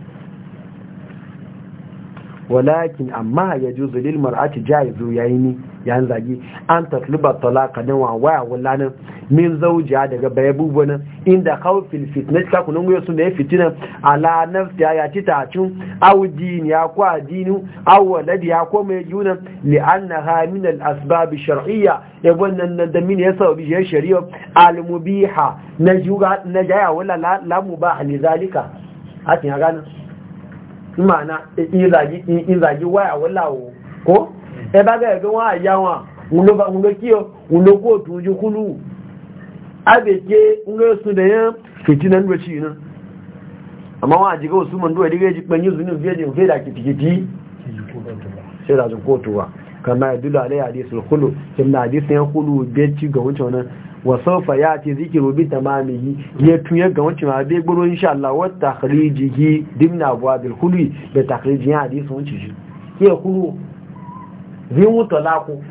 walakin amma ya ju zulil mar'ati jayizu yayi ni yan zagi an tatluba talaka din wa waya wallanin min zaujiya daga bayabubu bubuna inda khawfil fitnati ka kunun yosu da fitina ala nafsi ya ci ta cin aw din ya ko adinu aw waladi ya ko mai juna li annaha min al asbab shar'iyya ya wannan da min ya sababi ya shari'a al mubiha na juga na jaya wala la mubah li zalika hatin ya gana ma'ana in zagi waya wallawo ko ẹ bá gẹ̀ẹ́ pé wọ́n àyá wọn ń lọ kí o ojú kúlù àbèké ń lọ sùn iná àmọ́ wọn àjíkọ́ òsùn mọ̀ ń dúwẹ̀ dígbé jípẹ́ ní òsùn ní òfin èdè òfin èdè kìtìkìtì ya dula ga wancan nan wa sawfa yati zikru bi ya tuye ga wancan ma be gboro insha Allah wa takhrijihi dimna abwabil da ziwu tolaku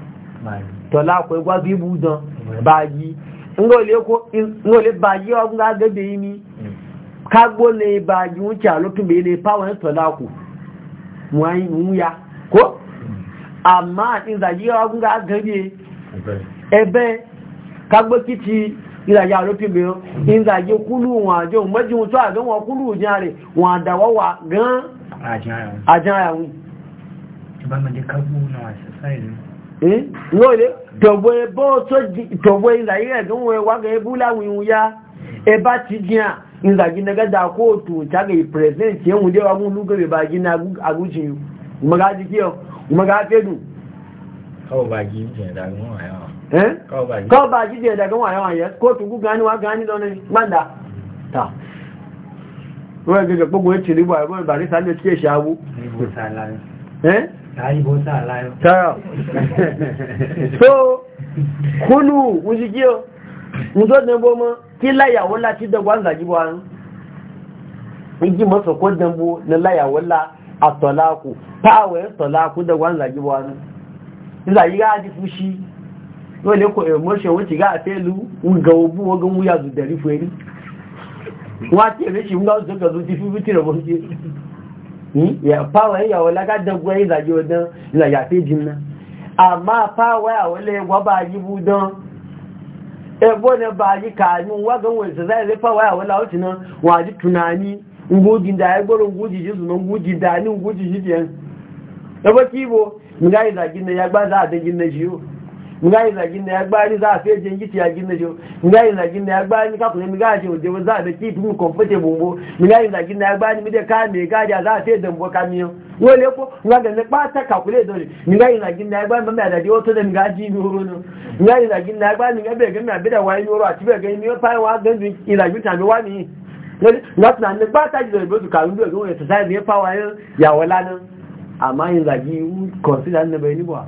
tolaku igwa bibu don bayi ngole bayi ọgbọ́n agẹ́gbẹ̀ yìí ni lè bayi ń kí àlókùn bèèrè pàwọn tolaku wọ́n ya kó àmá ìzàyí ọgbọ́n agẹ́gbẹ̀ ẹbẹ́ kágbó kí ìlàyà àlókùn ìzàyí kúlù wọn àjọ mọ́jú tó àgbẹ́ wọn kúlù jẹ́ gan ngole eh? tọ̀bọ̀ ẹbọ́ tó tọ̀bọ̀ ìlàyé ẹ̀gán wọn wága ẹbú láwọn ìhun ya ẹbá ti jìyàn ìzàgí nagada kóòtù ìtàgà ìpẹ̀rẹ̀sẹ̀ntì ẹ̀hùn dẹ́wà gbogbo ìbàrí tí è ṣe tara so kulu musikio muso dambo ma ki layawo la ti dagwa nzaji bo an iji maso ko dambo na layawo la atolaku pawe tolaku dagwa nzaji bo an nzaji ga di fushi wale ko emotion wuti ga afelu nga obu ogun wuya zu dari fueri wa ti ebe shi nga zo ga zo ti fi fi tire bo fáwọn ẹ̀yàwó lágádẹ́gbọ́ ìlàjì ọdán ìlàjà péjì ná àmá fáwọn ẹ̀yàwó lè wọ́n bá yí bú dán ẹgbọ́n ní bá yí kàánú wágánwò ìsẹ̀sẹ̀ fáwọn ẹ̀yàwó láwọ́tí ná tunani ngójìdá ẹgbọ́rọ̀ ngójìdí sùn ngójìdá ní ngójìdí jẹ́ náà yagbá nga yi zagin da za a fiye jin giti ya gina jo nga yi zagin ya gbani ka kuma miga ce wajen za a da kifi mu kwamfute bumbo nga yi zagin ya gbani mi da ka me gadi za a fiye dambo kamiyo wale ko nga ba ta kakule dole yi zagin da ya gbani da mi horo yi zagin da abida yi a ci bai mi fa wa gandu lanin amma yin zagi ne bai ni ba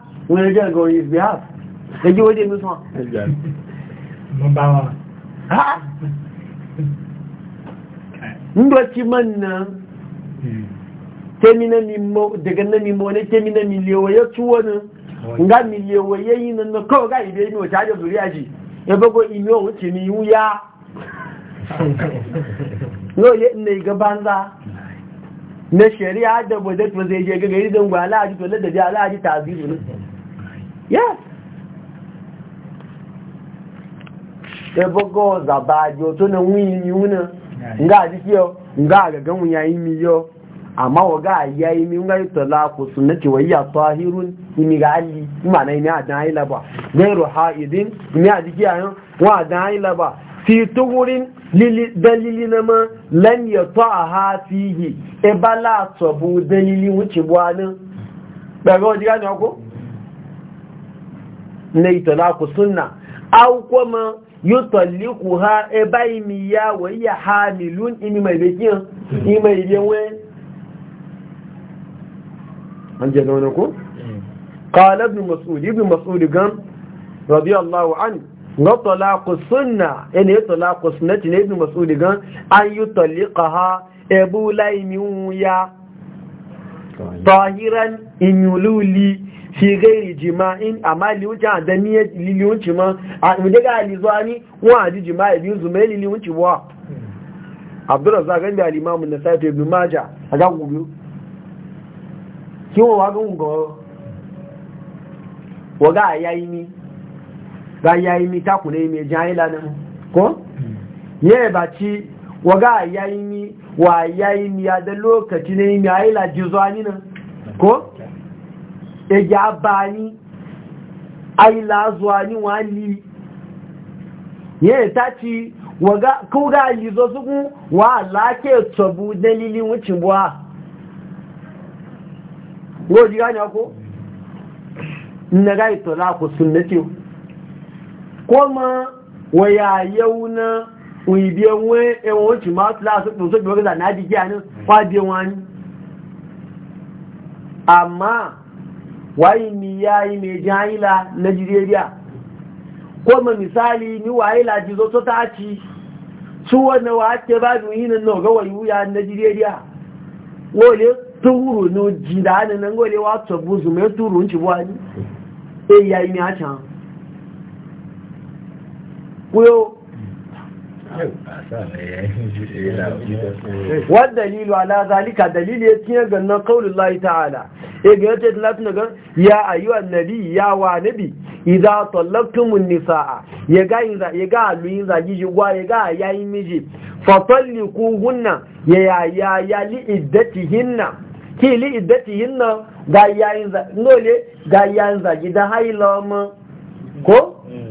when you just go on his behalf they do what they do song man nan temina daga na mimmo ne temina miliyoyi tuwo nan nga miliyoyi yi nan kawai ga ibe ni wata ajiyar zuriya ji ya bago ime wuce ni wuya ye ne ga banza na shari'a da bude zai je gari don gwala a ji tole da ji a ji taziru yes ebogo zabajo to na wunyi yuna nga dikiyo nga gagan wunya yimi yo amma waga ya yimi nga yutala ku sunnati wa ya tahirun yimi ga ali na yimi adan ila ba gairu haidin yimi adikiya yo wa adan ila ba fi tugurin dalili na ma lan ya ta'aha fihi ebala sabu dalili wuce bwanin daga wajen gani ko na italaku sunna aw kuma ha e bayni ya wa ya hamilun imi mai bekin ini mai biyanwe an je ga ko qala ibn mas'ud ibn mas'ud gam radiyallahu anhu na talaku sunna ene talaku sunnati ne ibn mas'ud gam an yutalliqaha e bu laimin ya tahiran inyululi fi gairi jima'in amma liwuci a da niyyar liliwunci ma a inda ga alizuwa ni wọn a ji jima'i biyu zuma ya liliwunci wa abdurrazza gan da alimamun na safi ibn maja a ga gugu kiwon wa gan gugu wa ga yayi ni ga yayi ni ta kuna mai jahila nan ko ye ba ci wa ga yayi ni wa yayi ni ya da lokaci ne mai ayila jizuwa ni nan ko ẹgbẹ́ àbá ní àìlàázuwa ní wọ́n lè yẹ́ ìtàtí kúrò àìlìzọ́ sókún wọ́n àlákẹ́ tọ̀bù dẹ́lílí wọ́n ti wá wọ́n jí ránà kó nnaga ìtọ̀lá kò sùn lẹ́tí kó mọ́ wọ̀yà yẹ́wú náà òyìnbí ẹwọ́n ẹwọ́n ó ti máa tìlá sókùn sókùn wọ́n wayi mi yayi mai jahila na Nigeria ko ma misali ni waye laji zo to taci su wanne wa ake ba mu yin nan ga wayu ya Nigeria wole turu no jida nan nan gole wa to buzu me turu nci wani eh yayi mi acha kuyo wadda dalilu ala zalika dalilu ya cinye ganin kaunin lai ta'ala e ga yadda ya da na ya wa nabi ya wa nabi idan tallaktumun nisa'a ya ga aluyin zagi jiwa ya ga yayin miji fatalli ku hunna ya yaya li'iddati hinna ki li'iddati hinna ga yayin zagi don haila ko? Hmm.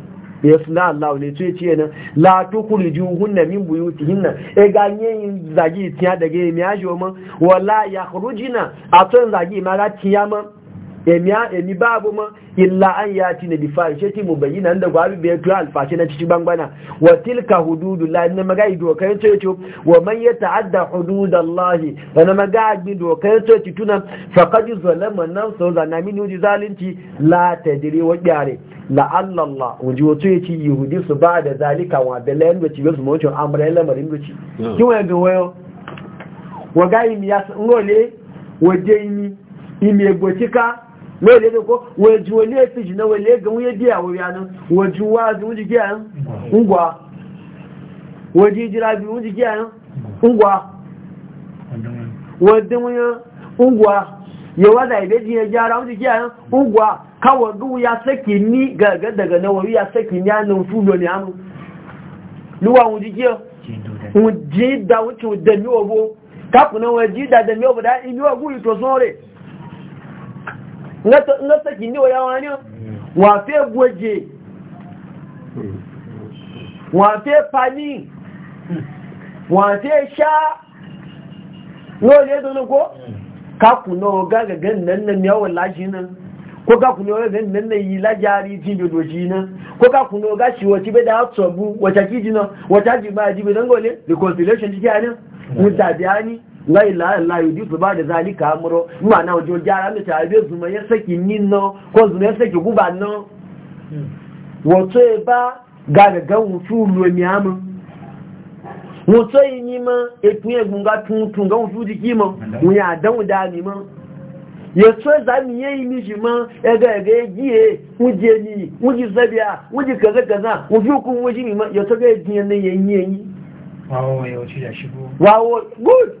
ya suna Allah ne ce ce nan la tukuri na min buyutihinna e ganye yin zagi tiya daga mi ajo ya wala a atun zagi ma ga tiya ma. emi babu ma illa an yati na bifahishe mu bayyana da gwabi bai tura alfashe na cikin bangwana wa tilka hududullahi na magai dokar coci wa man ya ta'adda hududallahi wa na magai dokar coci tuna faqad zalama nafsa wa zanami ni zalunci la tadri wa gyare la allah wuji wato yace yahudi su ba da zalika wa belen da ci su mutun amra lamarin marin ci kin wa ga wayo wa ga imi ya ngole waje imi imi egotika me le ko weju wele fiji na wele ga wuye biya wo ya nan weju wa zu wuji giya nan ngwa weji jira bi wuji giya nan ngwa wadin wuya ngwa ya wada ibe ji ya jara wuji giya nan ngwa kawo du ya saki ni ga ga daga na wuri ya saki ni nan fulo ni amu luwa wuji giya da mi obo da mi obo da imi sore nga kindi wa yawani mm. wa fe gwaje wa fe pani wa fe sha no le don ko mm. ka ku no ga ga gan nan nan yawo laji nan ko ka ku oga ga nan nan yi lajari jin bi doji nan ko ka na. no ga shi wa ti da tsobu wa ta kiji nan wa ta ji ma ji be dan gole reconciliation ji mm. ani laila la yudifu ba da zalika amuro ma na wajo jara mi ta be zuma ya saki ninno ko zuma ya saki guba no wato e ba ga ga ga wutu lo mi amu wato yi ni ma e tun e egun ga tun tun ga wutu di kimo mun ya dan da ni ma ya so e za mi yi mi ji ma e ga e ga ji e wuje ni wuje zabiya wuje kaza kaza wuje ku wuje ni ma ya to ga ji ne yayin yayin wawo ya wuce da shigo wawo good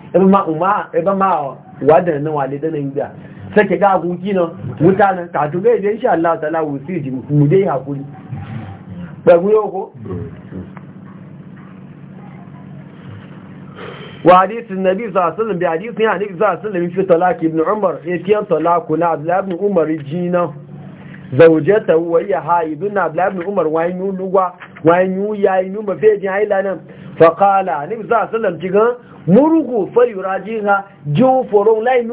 ebe ma wadan nan wale da nan biya sake ga abuki nan mutanen katu ga idan shi Allah ta'ala wusi ji mu dai hakuri bagu yau ko wa hadisin nabi sallallahu alaihi wasallam bi hadisin ya sallallahu alaihi wasallam fi talaq ibn umar yake talaq na abdullah ibn umar jina zaujata wa ya haidun abdullah ibn umar wayin lugwa wayin yayin numba fejin haila nan fa qala nabi sallallahu alaihi wasallam murhu falyurajiha jiwu foron lai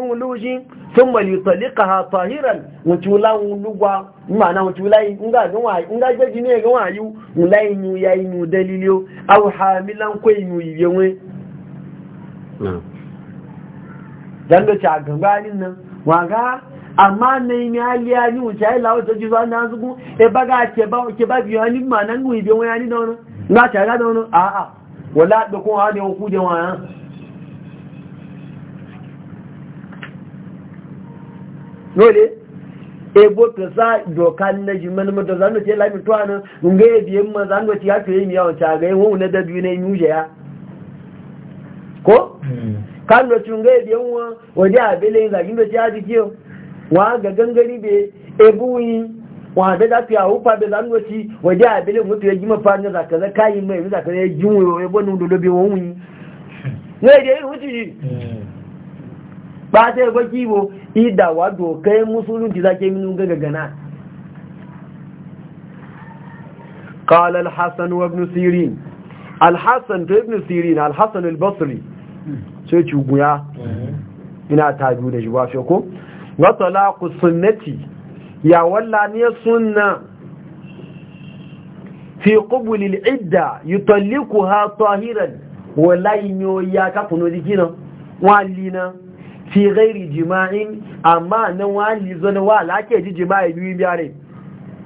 sun mali talika ha tahiran wuce wula wulugwa ma'ana wuce wula nga ga wayi nga ga jini yi nu dalilio hamilan yi dan da ta nan waga amma ne aliya ni wuce ai na zugu e baga ke ba ke ba yi ga a a wala da dole ebo to sa doka na jiman mu da zanu ce lami to anan nga ga e biye mu zanu ce ya e yi yawo ta ga wo na da biyu ne mu ya ko kan do tun ga biye mu wadi abele ga gindo ta ji kiyo wa ga gangani be ebuyi wa da da fiya upa be zanu ci wadi abele mu to ya gima fa ne zaka zaka yi mai zaka ya jinwo ebo nu do lobe wo mu ne da yi e wuci ba ta yi baki bo idawa dokai musulunci za ke minu gagagana ƙalar hassan wa ibn sirin alhassan ta ibn sirin alhassan albasri sai cuguya ina ta da shi ba shi ko wata laku sunnati ya walla ne sunna fi ƙubulil idda yi talliku ha tahiran wala yi ya kafin wajen gina wali fi gairi jima'in amma nan wani zana wa lake ji jima'i biyu biya ne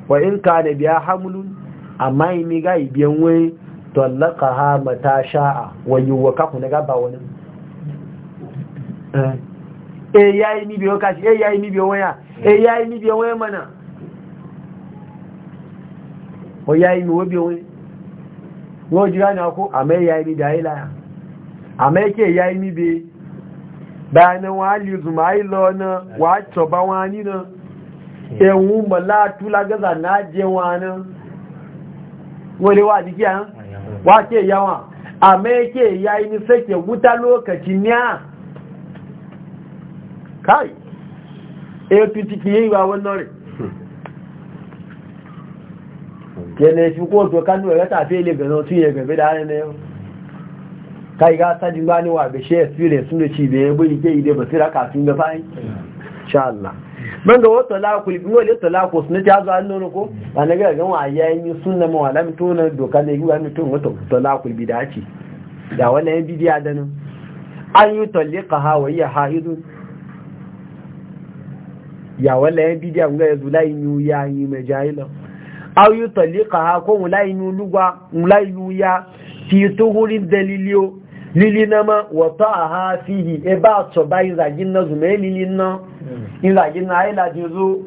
wa in ka da biya hamlin amma yi mi ga ibiyan wai. tallaka ha mata sha'a wa yi wa kaku na gaba wani e ya yi mi biyo kashi e ya yi mi biyo waya e ya yi mi biyo waya mana Wa ya yi mi wo biyo wani wo jira na ko amma ya yi mi da ya laya amma yake ya yi mi biyo bayanan wali zumailo na wacce ba wani na ewu malatu lagaza na je wani wani wa jiki yan wace yawa a meke ya yi nisake wuta lokacin ya kai etu ciki yi ba wannan rai kene shi ko to kanu ya e tafi ile gano tun ya gabe da hannun yau kai ga ta jin gani wa be shi experience sun ci be bu ke ide basira kafin ga fayin insha Allah man ga wata lakul bin wani talaku sun ta zo an nono ko ba mm. na ga ga wa yayin sunna mu alam tona doka ne ga mutum wata talakul bi da wannan bidiya da nan an yi talliqaha wa hiya haidu ya wannan bidiya mun ga yazo ya yi mai majahila aw yi talliqaha ko layin lugwa layin ya fi tuhurin dalilio lili na ma wata a ha fihi ebe a tọba izagin na zuma ya lili na hmm. izagin na ayi zo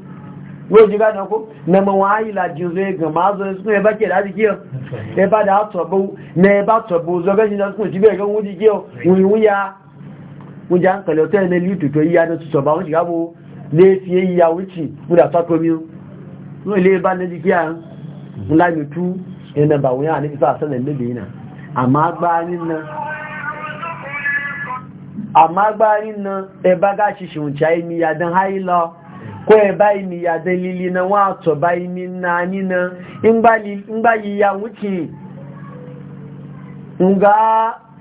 yóò jí gádà kó mẹ́mọ̀ wọn zo e ma zo e sún ẹbá e ke da ti kí da tọ̀bọ̀ na ẹbá tọ̀bọ̀ zo gẹ́jì na sún ìtìbẹ̀ ẹ̀gẹ́ wọ́n ti kí ya wọ́n já ń pẹ̀lẹ̀ ọ̀tẹ́ ẹ̀nẹ́ lè tòtò yíya ní tutọ̀ bá wọ́n ti gábó ya fi yíya wíṣì wọ́n dà tọ́kọ mi wọ́n lè bá ní kí à ń láì mi tú ẹ̀nà amma bayanin nan e baga shi shunca imi yadan haila ko e ba imi yadan lili na wato ba imi na ni na in ba yi ya wuce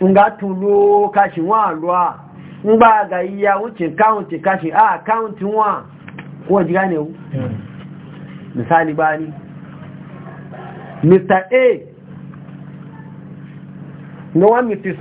nga tulo kashi wa alwa in ba ga yi ya wuce kaunti kashi a kaunti wa mr a na wa mrs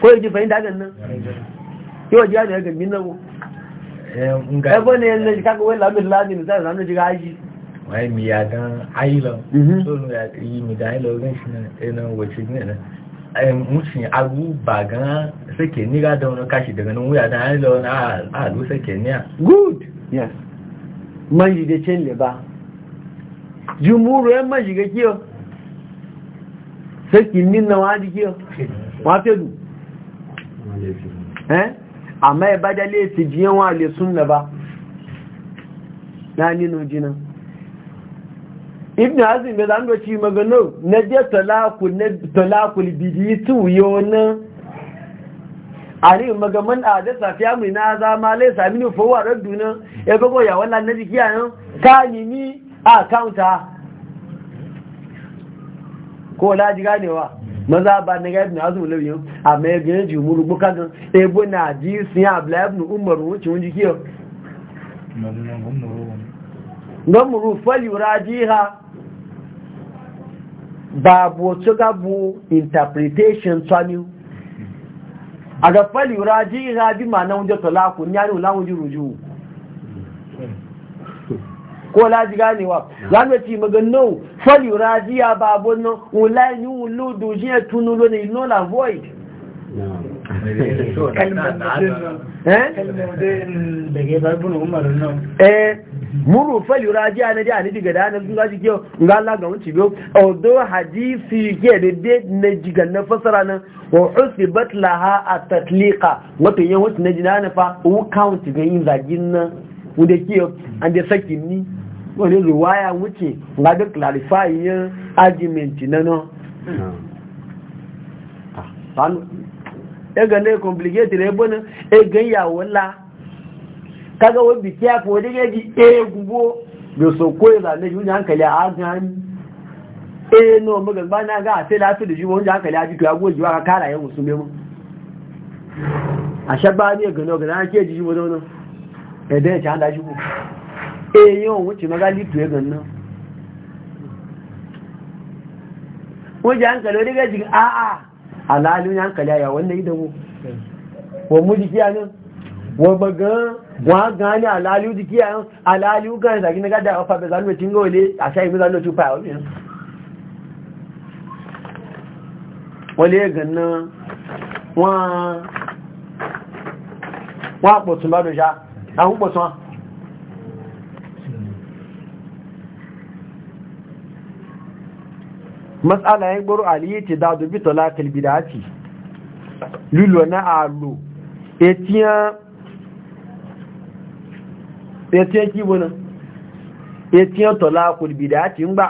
ko yaji fahimta hakan nan yau ji hajji hakan min nago ẹgbọ́n ni ẹni ṣe kákọ̀ wẹ́lá mi láti ní sáà sánú jíga ájì wáyé mi yà gan ayílọ tó ya yí mi gan ayílọ orí ìṣúná ẹnu wòṣe ní ẹ̀nà mo sì agbú bà gan sẹ́kẹ̀ nígbà dánwó káṣì dẹ̀gbẹ̀ ní wúyà dán ayílọ àlú sẹ́kẹ̀ ní à. good yes man yi da ṣe ń ba jùmúrù ẹ má yìí gẹ́kí ọ sẹ́kì di kí ọ wọn eh amma ya bada laifi biyan wa le sunna ba na nino jina ibn hazin bai zan doci maganar na je talakul bidiyi tuyo na ari magaman a da safiya mai na zama lai sami ne fowa raddu na ya e bago ya wallan na jikiya nan ka nimi a kanta ko laji ganewa maza ba na gaibu na azu labiyo a mai gane jimuru bukatun ebo na ji sun yi abu laifin umaru wuce wunji kiyo gamuru falura jiha babu wasu gabu interpretation tsaniu a ga falura ha bi ma na wunje talaku ya ne wula wunji rujuwu ko laji ganewa za mu ci magano fali radiya babu no ulai ni wulu dujiya tunulo ne no la void eh? eh, muru fali rajiya na da ni diga da na zuwa jike ga Allah ga wuce biyo although hadisi ke da de na jiga na fasara nan wa usibat laha at-tatliqa wato yan wuce na na fa u count ga yin zagin nan wanda kiyo an da saki ni wani riwaya wuce ga da clarify argument na no ah. ah. ega ne complicated ebo na ega ya wala kaga wo bi e ne a gan eh no mu ga bana ga sai la su da ji won hankali a ji to ago ji wa ka kara yan musulmi a shabba ne ga no ga na ẹ̀dẹ́ ìṣà ń dájú èèyàn òun ti mọ́gá lítò ẹgbẹ̀ náà wọ́n jẹ́ àǹkàlẹ̀ orílẹ̀ jì àà aláàlú ní àǹkàlẹ̀ àyàwó ní ìdánwò wọ́n mú jìkí àná wọ́n gbọ̀gán wọ́n gan ní wọ́n pọ̀ tún bá dọ̀ṣáà àwọn pọ̀ sán matsala yin gboro aliyu ti dadu bi talakil bidati lulo na alo etiyan e kibo na etiyan talakul bidati n gba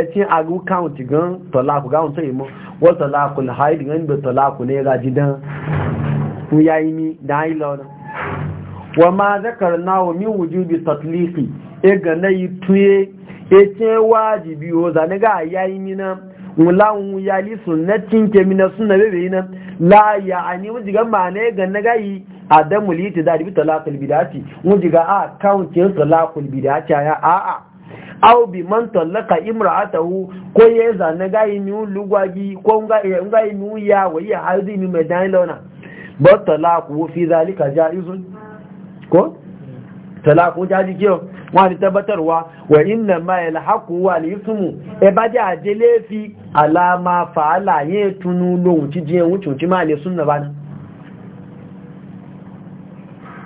etiyan agu kaunti gan talakul gawon to imo wọ́n talakul haidi gan gbe talakul ne rajidan fún yayi ni da dáyí lọ́nà wa ma na wa min bi tatliqi e ga yi tuye e ce wajibi o za ne ga yayi mina wulan yali sunnatin ke mina sunna be be na la ya ani wuji ga ma ne ga na gayi adamu li ti da bi talaqul bidati wuji ga a count ke talaqul bidati ya a a aw bi man tallaka imra'atahu ko ya za na gayi mi lugwagi ko ga yi mi ya a ya mai mi medalona ba talaqu fi zalika jaizun ko talaku jaji kiyo wa ni tabbatarwa wa inna ma yalhaqu wa yusmu e ba ji aje lefi alama fa'ala ye tunu lohun ci jiyan wuce wuce ma alisun na bana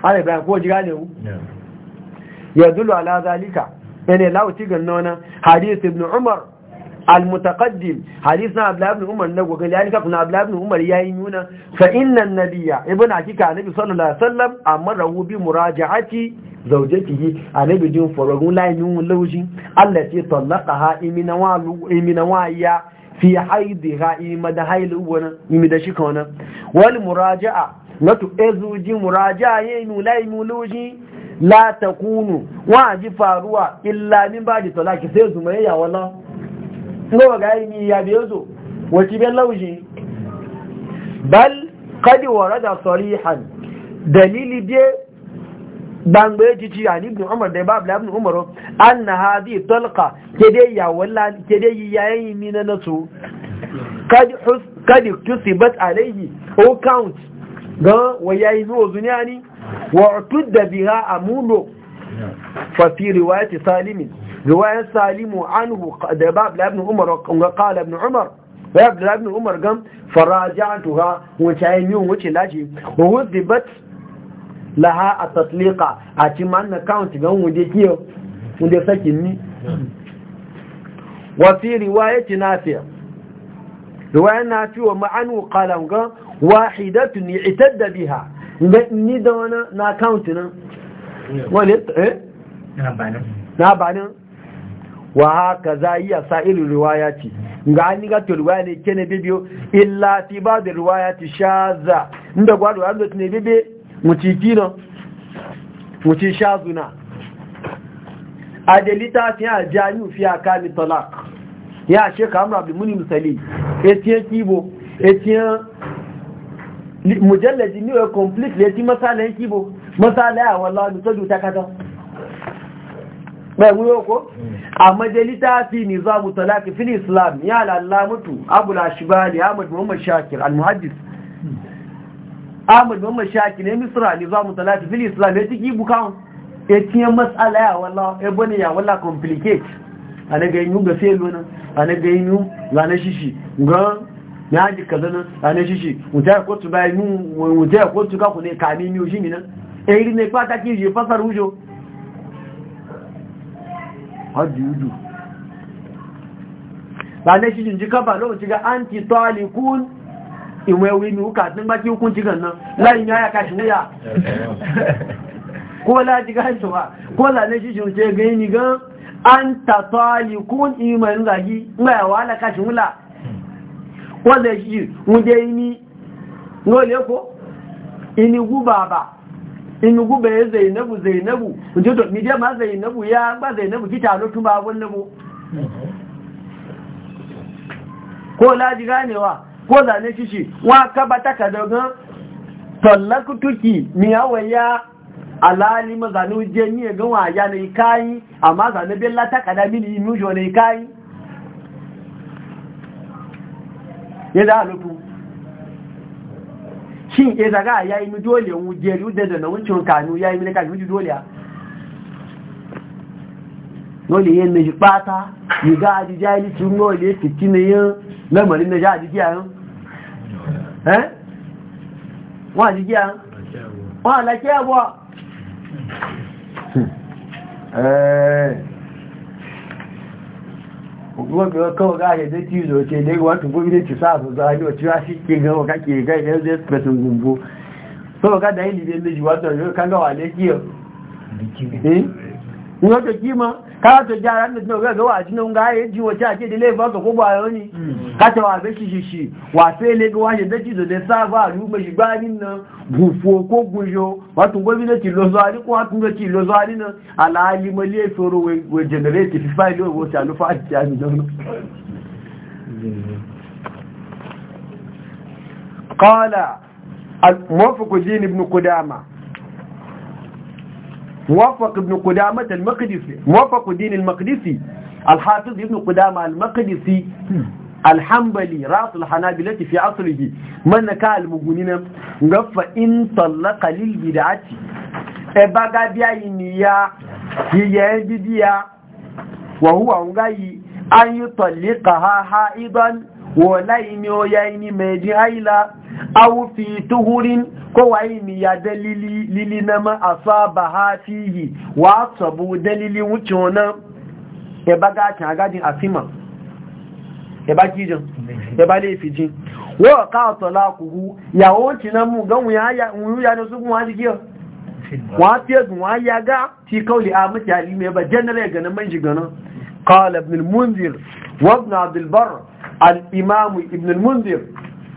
ale ba ko jira le wu ya dulu ala zalika yana lauti ganna wani hadith ibn umar المتقدم حديثنا عبد الله بن عمر نقول قال يعني كنا عبد الله بن عمر ياي نونا فان النبي ابن عكيك النبي صلى الله عليه وسلم امره بمراجعه زوجته النبي جن فرغون لا ينون لوجي التي طلقها امنا والو امنا وايا في حيضها امدا حيل وانا امدا شكونا والمراجعه نتو ازوجي مراجعه ينو لا ينون لوجي لا تكون واجب فاروا الا من بعد طلاق di talaki sai ko gáyé ní ìyàbí ó zò wàtí bẹ́ láwùjí bal kadi warada sarihan dalili dé gbangbe jiji a nibin umar da babu labin umaru an na haɗi talka ke ya yi yayin yi na nasu kadi kusibat alaihi o count gan wa yayi zuwa zuniya ni wa tudda biha amulo fa fi riwayati salimin رواية سالم عنه ده باب لابن عمر وقال ابن عمر باب لابن عمر قام فراجعتها وتعيني وتلاجي ووذبت لها التطليقة أتمنى كاونت قام ودي كيو ودي ساكني وفي رواية نافع رواية نافع ومعنه قال واحدة اعتد بها ندونا da wani na account nan wani eh na wa haka za iya sa'irin riwayati ga an ga to riwaya ne kene bibiyo illa ti ba da ti shaza inda gwado an zai ne bibe muciki na muci shazuna adelita fi a jami'u fi a kami talak ya ce kamar abu muni misali etiyan kibo etiyan mujallaji ne wa complete ne ti masalayen kibo masalaya wallah da sojo ta kata ɓaiwuyo ko a majalita fi nizamu talaki fil islam ya mutu abu lashibali ahmad muhammad shakir al-muhaddis ahmad muhammad shakir ne misra nizamu talaki fil islam ya ciki bukan ya ciye matsala ya wala ebony ya wala complicate a na ganyu ga sai lona a na ganyu ga na shishi gan ya ji kaza nan a na shishi wuta ya kotu bayan wuta ya kotu kaku ne kami miyo shi ne nan eri eh, ne fata ki je fasar wujo hajji wudu ba na shi jinji kafa lokaci ga anti-tolikun iwewe wini wuka tun baki hukunci gan nan layin ya kashi wuya ko laji gashiwa ko la na shi jinji ga yini gan anti-tolikun imanin zagi ngaya wahala kashi wula ko da shi wuje ini ngole ko ini guba in ba ya zainabu zainabu kuje to mi ma zainabu ya ba zainabu ki talo tun ba abun ko laji ganewa ko zane shi shi wa ka ba ta ka daga tallaku tuki mi ya alali ma zane uje ni ga wa ya ne kai amma zane bella ta kada mini mu jo ne kai ya da lutu shin ke zaga ya yi mi dole wujeri wujeri da na cin kanu ya yi mi daga wuji dole a dole yin na jipata yi ga aji jahili tun dole ya fiti na yin lamarin na ja ajiya yin eh wọn ajiya yin wọn lake buwa hmm. eh kuma ga kawai ga ya zai tizo ce da yawa tun gobe ci sa su zai wa ciwa shi ke waka ke ga zai fesin gumbo so ga da yi libyan da kan káàtò jẹ́ ara nìtí ọgbẹ́ ọgbẹ́ wà sínú ọgbà ayé jí wọ́n tí a kéde lẹ́ẹ̀fọ́ ọ̀tọ̀kó bọ̀ ayọ́ ní káàtò wà fẹ́ ṣìṣìṣì wà fẹ́ lẹ́gbẹ́ wáṣẹ bẹ́tì ìdòdẹ̀ sáàbà àrùn gbẹ̀ṣùgbà nínú gùfò kógun yo wọ́n tún gómìnà tí lọ́sọ àríkún wọ́n tún gbẹ̀tì lọ́sọ àrínà aláàlímọ́lé ìṣòro wẹ̀ jẹ̀nẹ̀rẹ́tì fífá ilé òwò tí àlúfà àti àmì lọ́nà قال موفق الدين ابن قدامه موفق ابن قدامة المقدسي موفق الدين المقدسي الحافظ ابن قدامة المقدسي الحنبلي راس الحنابلة في عصره من كان المغنين غفا إن طلق للبدعة إباقا بيانيا يجديا وهو عنقاي أن يطلقها حائضا ولين ويين مجهيلا aw fi tuhurin ko waye mi ya dalili lili na ma asaba ha fihi wa sabu dalili wuce wannan e baga ta gadin afima e ba kijin e ba le fijin wa ka talaquhu ya wonci na mu gan ya ya mu ya da su mu haji kiyo wa fiye dun wa ya ga ti kauli a mutali me ba general ga nan manji ganan qala ibn al-munzir wa ibn abd al-barr al-imam ibn al-munzir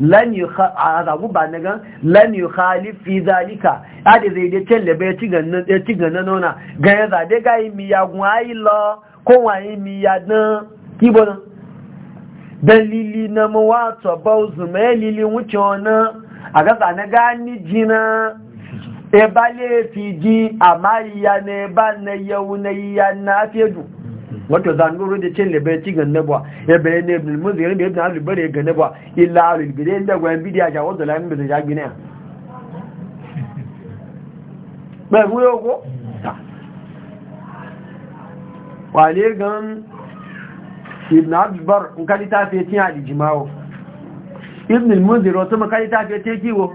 lan yi azabu ba na gan lan yi halifi zalika da zai dai kyalle bai ci gana nuna ga ya zade ga yi miya gwayi lọ ko wayi miya na kibo na dalili na mawato e bauzu mai lili wuce wani a gasa na gani jina eba ji a mariya na eba na yau na yi na fiye duk wato zanuru da cin labai ci ganna ba ya bayan ne ibn muzir da ibn abdul bari ganna ba illa alul bidai da gwayan bidiya ja wanda lamin bisa ja gina bai mu yau ko kwale gan ibn abdul bar in ta littafi cin alijimawo ibn muzir wato ta littafi ce kiwo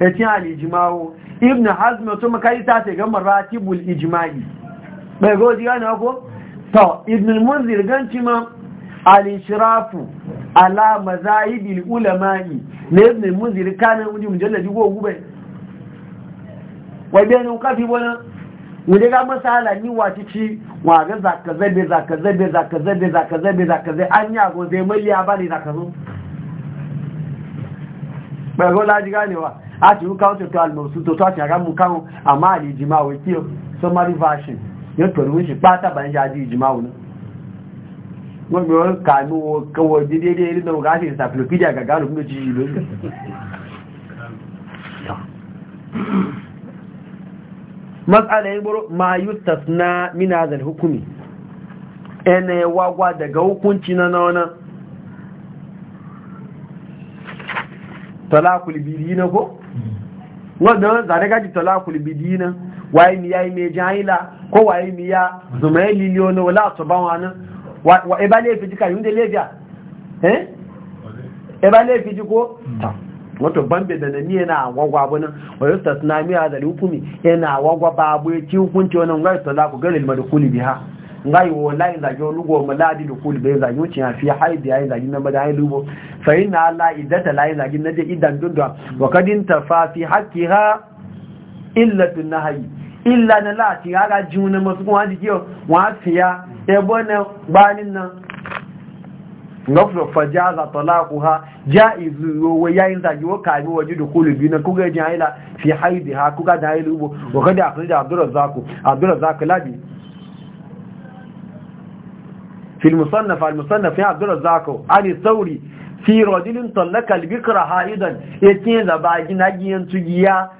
ya cin alijimawo ibn hazm wato maka gan ga maratibul ijma'i bai ga wajen gane ko to ibn al-munzir ganci ma al-ishrafu ala al ulama'i ne ibn al-munzir kana uji mujalladi go gube wabe ne kafi bona wuje ga masala ni wati ci wa ga zaka zabe zaka zabe zaka zabe zaka zabe zaka zabe an ya go zai maliya ba ne zaka zo ba go laji ganewa a ti ka to al-mawsu to ta ga mu kan amma al-ijma'u kiyo mali fashion nítorí wọ́n sì pátábà ń ṣáájú ìjìmáwò náà wọ́n mi wọ́n kà ní kọwọ́ dédédé nínú gáàsì ìsàfilòpídà gàgánù fún ojú ìlú matsala yin buru ma yustas na minazal hukumi ya wagwa daga hukunci na talakul bidina ko? zane talakul bidina waye mai jahila ko wa mi miya zuma liliyo na wala su ba wani wa eba laifi jika yi wunde laifiya eh eba laifi jiko ta wato bambe da na miya na agwagwa abu nan wa yi ta suna miya da hukumi yana agwagwa ba abu ya ci hukunci wani ngai su za ku gani ma da kuli biha ngai wa lai zage lugo ma ladi da kuli bai zage wucin ya fi haidi ya yi zage na bada ya lugo fa yi na ala idata layi yi zage na je idan dundwa wa kadin ta fa fi haƙƙi ha illatun nahayi illa na lati ga juna masu kuma jiki wa fiya ebo na gbanin nan nafsu fajaza talaquha jaizu wa yayin zagi wa kabi wa judu kullu bi na kuga jin haila fi haidiha kuga da hailu bo wa kada akhrija في رجل طلق يتين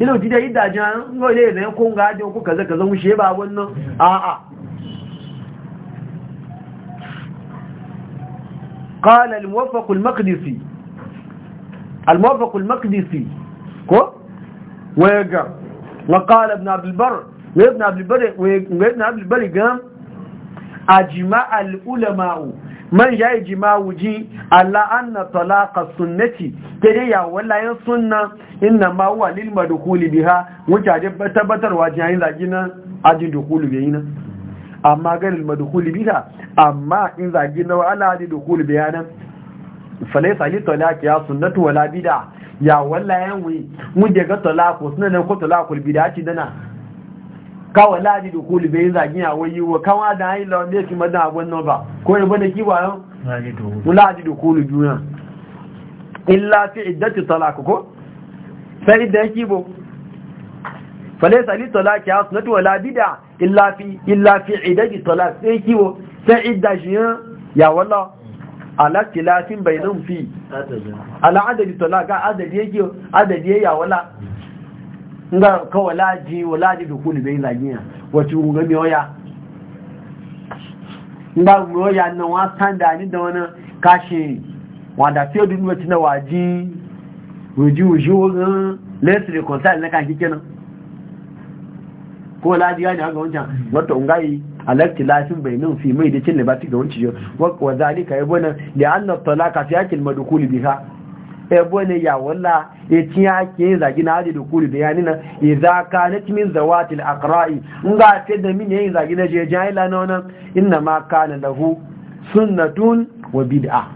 ina wuce da idajen ngo ile ne ko ga ajo ko kaza kaza mushe ba wannan a'a قال الموفق المقدسي الموفق المقدسي كو ويقع وقال ابن عبد البر وابن عبد البر وابن عبد البر قام أجمع العلماء man ya yi jima'uji Allah an na talaka sunnati ta dai ya wallayen sunna inna ma wa lilma dukuli biha wuce a tabbatarwa jiyayin zagi na ajin dukuli biyayi na amma ga lilma dukuli biha amma in zagi na wa'ala ajin dukuli biya nan falai sali talaka ya sunnatu wala bida ya wallayen wi mun je ga talaku sunan ko talakul bida ci dana kawo ladi da kuli bai zagin a wani wa kawa da hanyar lawan da ya fi madan abin nan ba ko ne bane kiwa yau ladi da kuli juna In fi iddatu talaka ko sai idda ya kibo falaisa li talaki ya sunatu wala bida illa fi illa fi iddati talak sai kibo sai idda shi ya wallah ala tilafin nan fi ala adadi talaka adadi yake adadi ya wala nga kawo laji wa laji da kuni bai lagiya wacce ga miyoya nga miyoya na wasan da ni da wani kashi wanda fiye duk ci na waji wuji wuji wurin leslie concert na kan kike nan ko laji gani haka wancan wata ungayi alakti lafin bai nan fi mai da cin libati ga wancan yau wadda zalika ya bane da an na talaka fi yakin madukuli biha ebo ne ya walla ya ci zagi na hajji da kuri da yanina ya zaka na cimin zawatil akrai in ga ce da min yayin zagi na je jahila na wannan inna ma kana lahu sunnatun wa bid'ah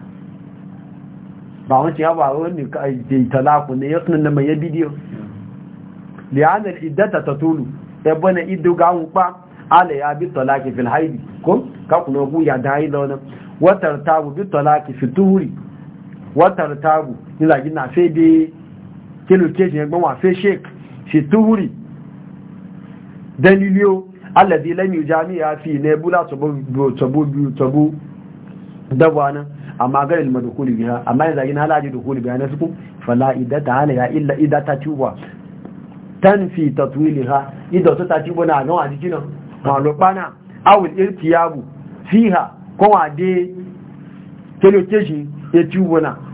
ba wancan ya ba wani kai talaku ne ya sunan da mai ya bidiyo liyanar iddata ta tulu ebo ne iddu ga pa ala ya bi talaki fil haidi ko ka kuma guya da haila wannan wa tartabu bi talaki fi tuhuri watar tabu nilagi na fe de kilokejì ẹgbọ́n wà fe sheik ṣe tuhuri dalilio alladhi lam ya fi nebula tabu dabwa nan amma ga ilma dukuli biha amma yanzu gina halaji dukuli biha na suku fala idata halaga illa idata tuba tanfi tatwiliha idata ta tuba na nan a jikin nan ma lobana awul irtiyabu fiha ko wa de kilokejì ya tuba na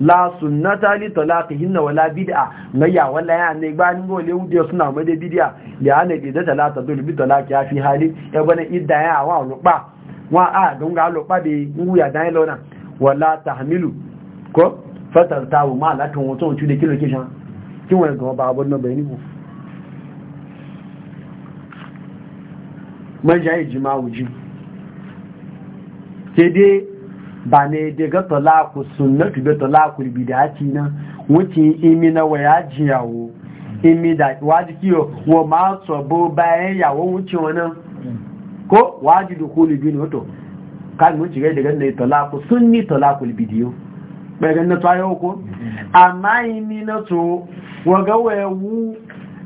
la sunnata li talaqihinna wala bid'a maya wala ya ne ba ningo le wude suna ma de bid'a ya ne de talata dole bi talaqi ya fi hali e bana idda ya wa lu wa a don ga de ngu ya lona wala tahmilu ko fatar ma la tun wutun tu de kilo kishan ba abun nan bai ni ko man jayi jima'u ji sai dai ba ne daga talaku sunnatu bi talaku bidati na wuce imi na waya jiyawo imi da waji kiyo wa ma sabo bayan yawo wuce wannan ko waji dukuli bin wato kan wuce gai daga ne talaku sunni talaku bidiyo bai ganin to ayo ko amma imi na to waga wayawu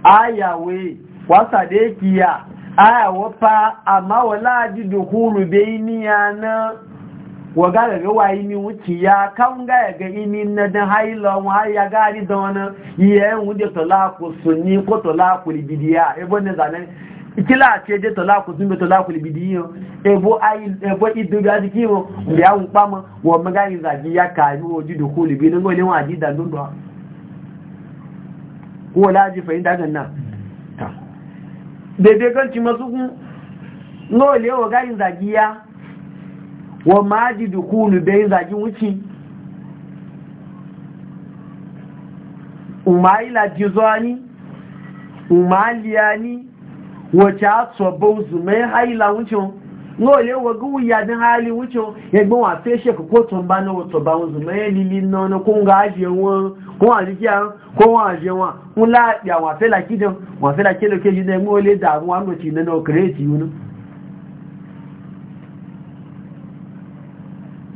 ayawe wasa da kiya ayawa fa amma wala ji dukulu bayniya na waga daga wayi mi wuci ya kan ga ya ga imi na dan hailon har ya da wani iya yin wuje talaku sunni ko talaku libidiya ebo ne zanen kila ce je talaku sunni talaku libidiyo ebo ai ebo idu ga jiki mo da ya wupa mo wa maga yin zagi ya ka ni oji do ko libi ne ngole wa ji da ndo ndo ko la ji fa inda ganna dede kan ci masu kun ngole wa ga zagi ya wa maji dukulu bai zagi wuce umari lajizoni umariyani wace a tsobon su mai haila wucin lóòlé wọgúwú yàdín hali wucin ẹgbọ́n wà fẹ́ ṣe kòkó tó ń bá náà tọba wọn su mai lílí náà kó ń ga ajiyar wọn kó wọ́n àjíkíyà kó wọ́n àjíyar wọn ń láàpì àwọn àfẹ́lá kídán wọ́n àfẹ́lá kílòkéjì náà mú ó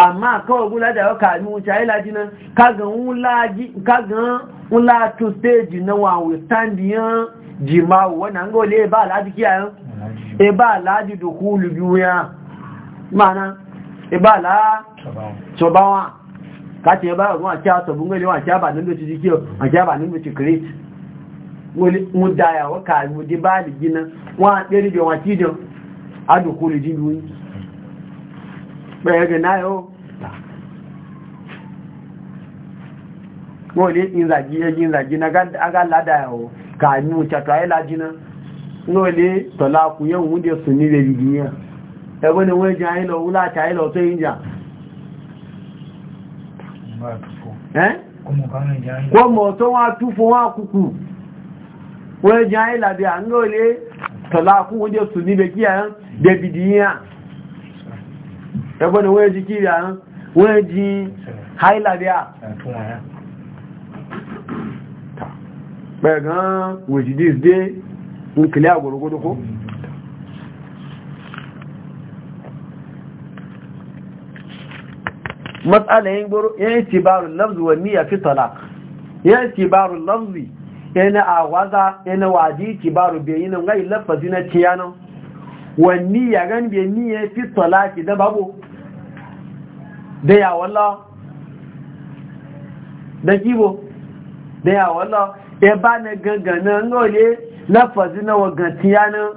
amma kawai gula da yau kami wuce ayi laji nan kagan wula to stage na wawo stand yan jimawo wannan ga wale eba alhaji kiyayen eba alhaji dukulu biyu ya mana eba ala sobawa kati eba yau wọn kya sobin gwele wọn kya ba nan da ciki yau a kya ba nan da ciki mu daya wa kami mu ba ligi nan wọn ɗari da wọn a dukulu jin biyu bayan ga yau na lè ìzàjí ẹgbẹ́ ìzàjí agáládà ẹ̀họ̀ kàánú ìṣàtọ̀ ayélájíná wọ́n lè tọ̀lá kúyẹ̀ tọlaku sùn ní rẹ̀ yìí yàn ẹgbẹ́ ni wọ́n jẹ́ ayélọ wúláàtà ayélọ tó yìí jà kọmọ̀ tó wá ni ɓagan wajidis dai nukiliya gwargwado ko matsala yin gboro yan tibarun lafzi wa niya fi talaq yan tibarun a yana awaza yana waji tibaru bai yana yi lafazi na tiyana wa niya gan bai niya fi talak da babu da ya walla da kibo da ya walla ba na gangana ngole lafazi na wagantiya nan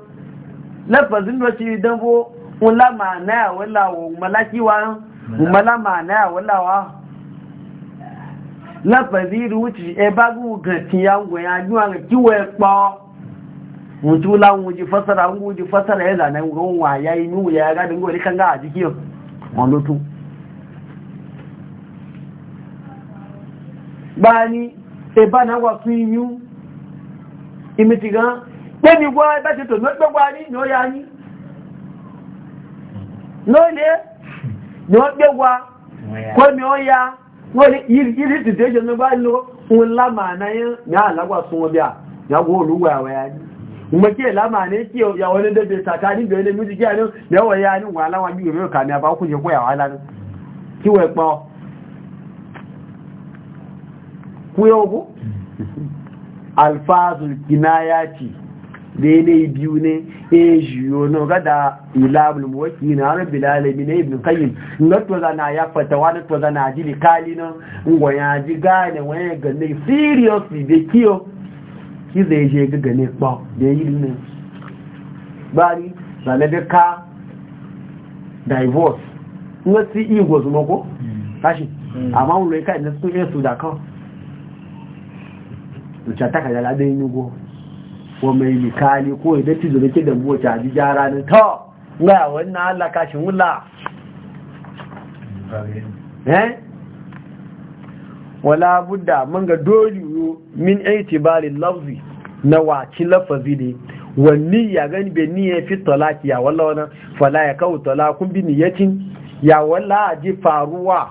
lafazin da shi dan bo wala mana ya wala wa malaki wa mala mana ya wala wa lafazi ruci e ba gu gantiya ngoya nyuwa ga kiwe pa mutu la wuji fasara wuji fasara ya zanen gon wa yayi nu ya ga dingo kan ga a jiki on lotu bani ẹ̀bá náà wà fún iyún ìmìtì gan pé ní wọ́n ẹgbẹ́ ṣètò ní ọgbọ́gbọ́ ní ní ó ní lóòlé ní ó gbé wa kó ní ó yá yìí tìtẹ́ ṣe ní bá ní àlágbà sún yá ní mọ̀kí lámà ní kí ní dẹ́bẹ̀ tàkà ní bẹ̀rẹ̀ kí àní yàwó ku yau ku alfazul kinayati da yanayi biyu ne e jiyo na gada ilabul muwaki na hannun bilalabi na ibn kayyim na toza na ya fata wani toza na ji likali na ngwa ya ji gane wani gane seriously da kiyo ki zai je ga gane ba da yi ne bari zalabe ka divorce wasu hmm. hmm. igwe su ko kashi amma wani ka ina su da ka. wacce ta kaga da yin yugo ko mai mikali ko idan tizo da ke da wacce a ji jara ne ya ga wannan Allah kashin wula eh? wala budda man ga doriyo min bari lafzi na waci lafazi ne wani ya gani bai ya fi talaki ya wala wani fala ya kawo talakun bi ni ya wala ji faruwa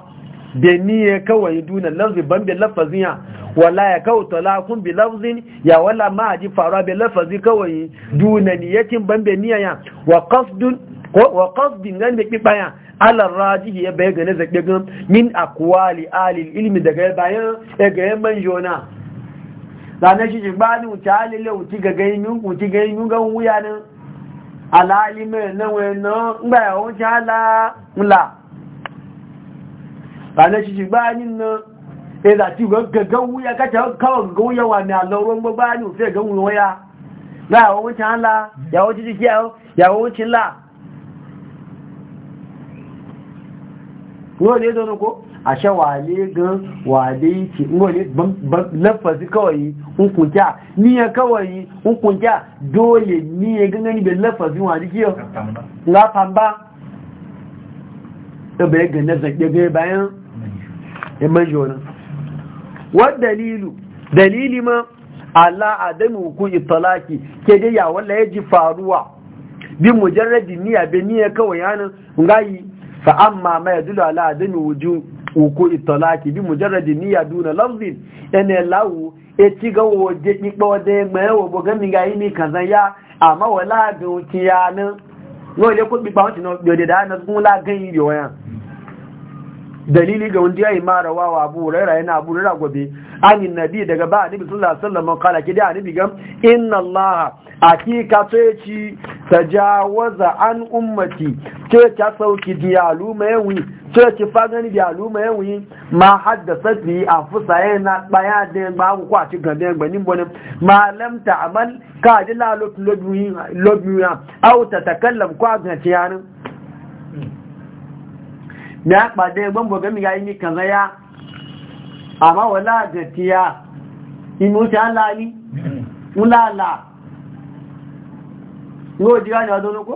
bai niyya kawai duna lafzi ban bai lafazin ya wala ya kawo talakun bi lafzin ya wala ma a ji faruwa bi lafazi kawai duna niyyatin bambe niyaya wa qasdun wa qasdin gan da kipaya ala rajihi ya bai gane zaɓe gan min aqwali alil ilmi daga bayan ya ga man jona ranar shi ba ni wuce halile wuce ga ganyun wuce yin ga wuya nan alali mai nan wani nan ngba ya wuce hala mula ranar shi ba ni nan ẹ̀dà tí gaggan wuya kacce kawai gaggan wuya wà ní àlọ́rọ̀ gbogbo ní òfin gaggan wuya wọ́n lè dọ́nà àṣẹ wà lè gan wà lè ṣe wọ́n lè lẹ́fẹ̀ẹ́sí kawai nkùnjá níyàn kawai nkùnjá dóòlè níyàn gangan níbẹ̀ lẹ́fẹ̀ẹ́sí wọ́n àdíkí ọ̀ lápàmbá ẹbẹ̀ẹ́gẹ̀ nẹ́fẹ̀ẹ́ wa dalilu dalili ma hukun italaki ke dai ya wala ji faruwa bi mujarradin niyya be niyya kawai yanin ngayi fa amma ma yadullu ala adami wuju uku italaki bi mujarradin niyya duna lafzin ene lawu e ti ga woje ni po de me wo bo ga mi ga yi mi kan san ya amma wala bi ti ya nan no le ko bi pa won ti no bi da na la gan yi yo dalili ga wanda yayi ma rawawa Abu Hurairah yana Abu Hurairah gobe anin nabi daga ba annabi sallallahu alaihi wasallam kala ki da annabi gam inna Allah hakika ce tajawaza an ummati ce ta sauki diyalu mai wi ce ki fagani diyalu mai wi ma haddasa bi afusa yana baya da ba ku kwa ci gabe gbani bonin ma lam amal ka dila lobi lobi ya au takallam kwa ga ciyanin mi a pàdé gbọ́nbọ̀ gẹ́mì ya ya àmá wọ́n láàgẹ̀ ya inú tí a ń láà ní ń láàlà ní ó jíra ní ọdún lókó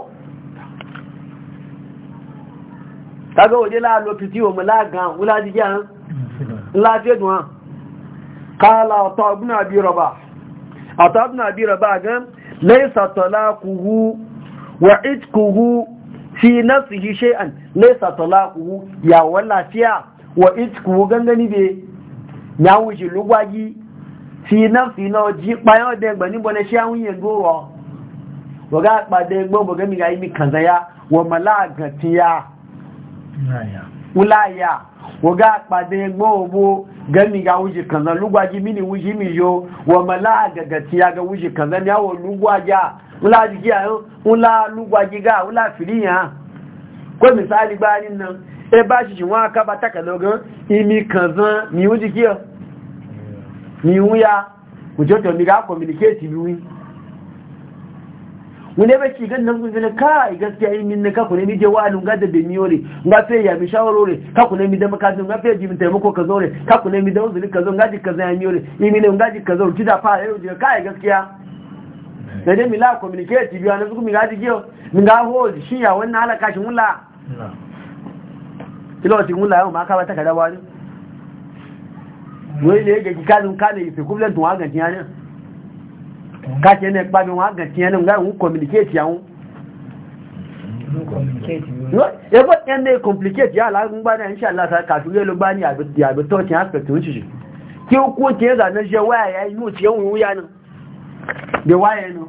tàbí òjé láàlò pìtí òmù láàgàn wúláàdí jẹ́ àrùn ẹ̀dùn hàn kààlà ọ̀tọ̀ ọgbùn àbí rọ̀bà ọ̀tọ̀ ọgbùn àbí rọ̀bà gan lẹ́yìn kùhú wà ìtkùhú fi nafsihi shay'an laysa talaquhu ya wala fiya wa itku gangani be ya wuji lugwagi fi nafsi na ji payo de gba ni bone se awun yen goro wa ga pa de gbo bo gami ga mi kan ya wa malaga tiya ulaya wa ga pa de gbo bo gani ga wuji kaza lugwaji mini wuji mi yo wa mala gagati ya ga wuji kaza ya wa lugwaja ula jiki ya ula lugwaji ga ula filiya ko misali bayanin nan e ba shi wa ka taka logan imi kaza mi wuji kiyo mi wuya wujoto mi ga communicate biwi wani ya ci gan nan gudun kai gaskiya yi min na kaku ne mije wa lunga da be miyore nga fiye ya mi shawarore ka kuna mi da makazi nga fiye ji mi taimako ka zore kaku ne mi da uzuri ka zo nga ji ka zai miyore yi mi ne nga ji ka zo ci da fara yau je kai gaskiya da dai mi la communicate bi wani zuku mi ga ji giyo mi ga ho shi ya wannan halaka shi mulla kilo ti mulla yau ma ka ba ta kada wani wai ne ga kikalun kana yi fi kubilan tuwa hagan tiyana káṣẹ́ ní ẹgbàmí wọn àgàtí ẹnu ńgá ìwọ̀n communicate àwọn ẹgbẹ́ ẹni complicate yà lágbàgbà náà ń ṣàlásà kàtúrí ẹlọgbà ní àbẹ̀tọ́ ti aspect ń ṣiṣẹ́ kí ó kó tí ẹ zà náà ṣe wáyà inú tí ẹ̀hùn ìwúyà náà dé wáyà ẹnu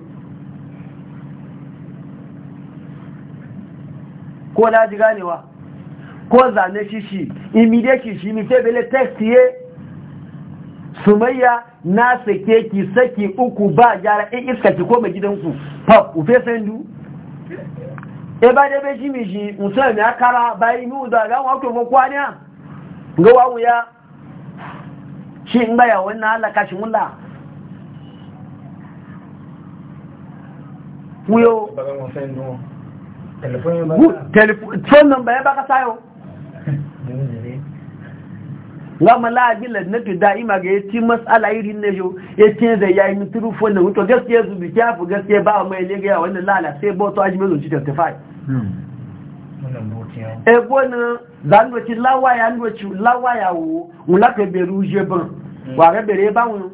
kó láti gánewa kó zà náà ṣiṣì ìmìdé ṣiṣì mi tẹ́bẹ̀lẹ̀ text ye. sumayya na sake ki saki uku ba gyara in iska ki koma gidanku pap ufe sandu e ba da beji miji shi ya kara bayi mi da ga wato ba kwanya ga wawu ya shi in baya wannan halaka shi mulla wuyo telefon ba ya baka sayo gama la'ajin lardinatu da'ima ga ya masala matsala irin na yau ya ce zai yayi mituru fona gaskiya su bi kyafu gaskiya ba mai lega ya wannan lala sai bauta ajin mai zuci 35 ebo na zandoci lawaya ndoci lawaya wo wulaka beru jeban ware bere ba wun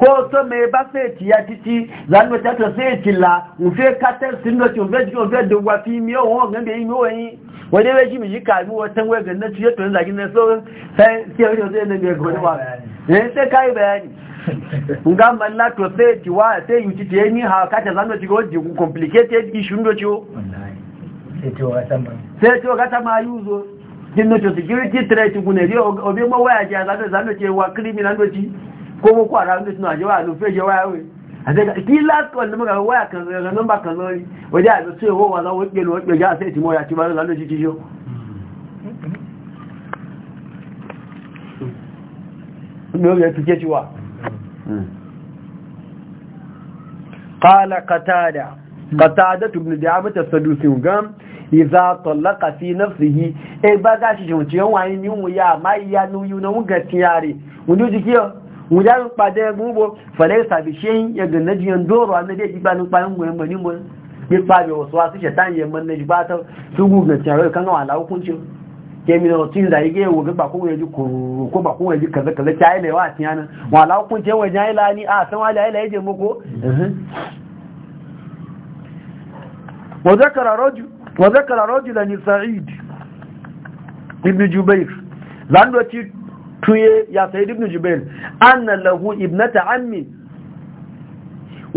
ko to me ba fe ti ya titi zandoci ta se ti la nfe katel sindoci nfe jikin nfe dowa fi mi o wọn yi mi o yin Wani rashi mai yi kami watan waya ga nasu ya tunan zagin na sauran sai yau yau zai nan gari wani ba yayin sai kayi eh, bayani nga malla to sai ti wa sai yuti te ni ha ka ta zanno ti go di complicated issue ndo ti o sai ti wa sama sai ti wa ka ma yuzo dinno to security threat gune ri obi mo waya ja zanno zanno wa criminal ndo ti ko mo kwa ra ndo ti na je wa lu fe àtẹ́gbà kí láti wà nínú àwọn wáyà kan rẹ̀ nọ́mbà kan lọ́rí wọ́n jẹ́ àìsọ́ ìwọ́ wà láwọ́ pẹ̀lú wọ́n pẹ̀lú àṣẹ ìtìmọ̀ ìyàtí bá lọ́nà jíjí yóò ní orí ẹ̀tù jẹ́ ti wà قال قتادة قتادة بن دعامة السدوسي قام إذا طلق في نفسه إيه بقى شيء واني يوم يا ما يا نو يو نو غتياري ونجي كيو mujan pàdé gbogbo fẹ̀lẹ́ ìsàbìṣẹ́ yẹgbẹ̀ lẹ́jì yẹn dóòrò anájẹ́ ìgbà nípa ẹgbẹ̀ nípa rẹ̀ wọ̀sọ́ àtúnṣẹ̀ táyẹ̀ mọ́ lẹ́jì bá tọ́ tó yake yaji yaji a san e, sa'id zan tuye ya sayi ibn jubair anna lahu ibnata ammi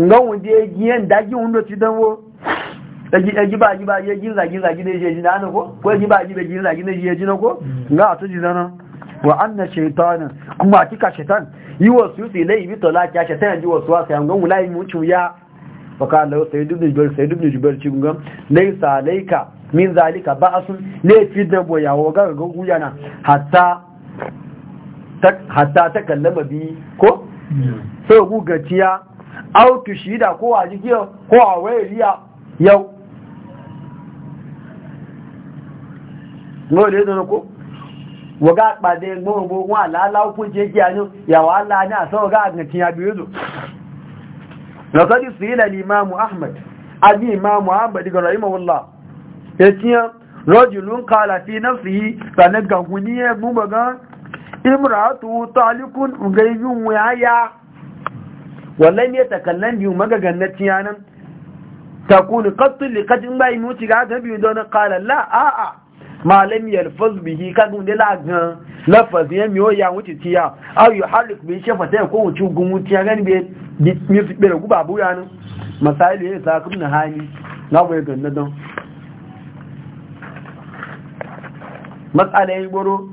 ngan wunde giyan dagi wundo ti danwo dagi e dagi e ba gi ba ye e gi zagi zagi ne je jina ko ko gi ba a be gi zagi ne je jina ko nga to zana wa anna shaytana kuma kika shaytan yi wasu su ilai bi talaki ya shaytan ji wasu wasa nga wulai mu chu ya faka la sayi ibn jubair sayi ibn jubair ci ngam laysa alayka min zalika ba'asun ne fi dan boyawo ga ga guyana hatta hatta ta kalli biyu ko? sai ku gaciya autu shida ko kowa jikiyar ko a wayariya yau ne da ko? waga ɓade gbogbo wa lalawo ko ce ki anu yawa Allah ne a san waga a gaci ya biyu zo na kadi su yi lalima imamu ahmad abi imamu ahmad diga na imamu Allah ya ciyar rajulun kalafi na su yi ni ga huniyar gan. imratu talikun gayyun wayaya wallan ya takallan biyu magagannatin yanan takuni qattu li qad in bai muti ga ga biyu don qala la a a ma lam yalfaz bihi kadun de la gan lafaz yan mi o ya wuci tiya aw yuharrik bi shafa ta ko wuci gumu tiya gani be mi fi bere guba bu yanan masailu ya sa kun hani na boye ganna don masala yi goro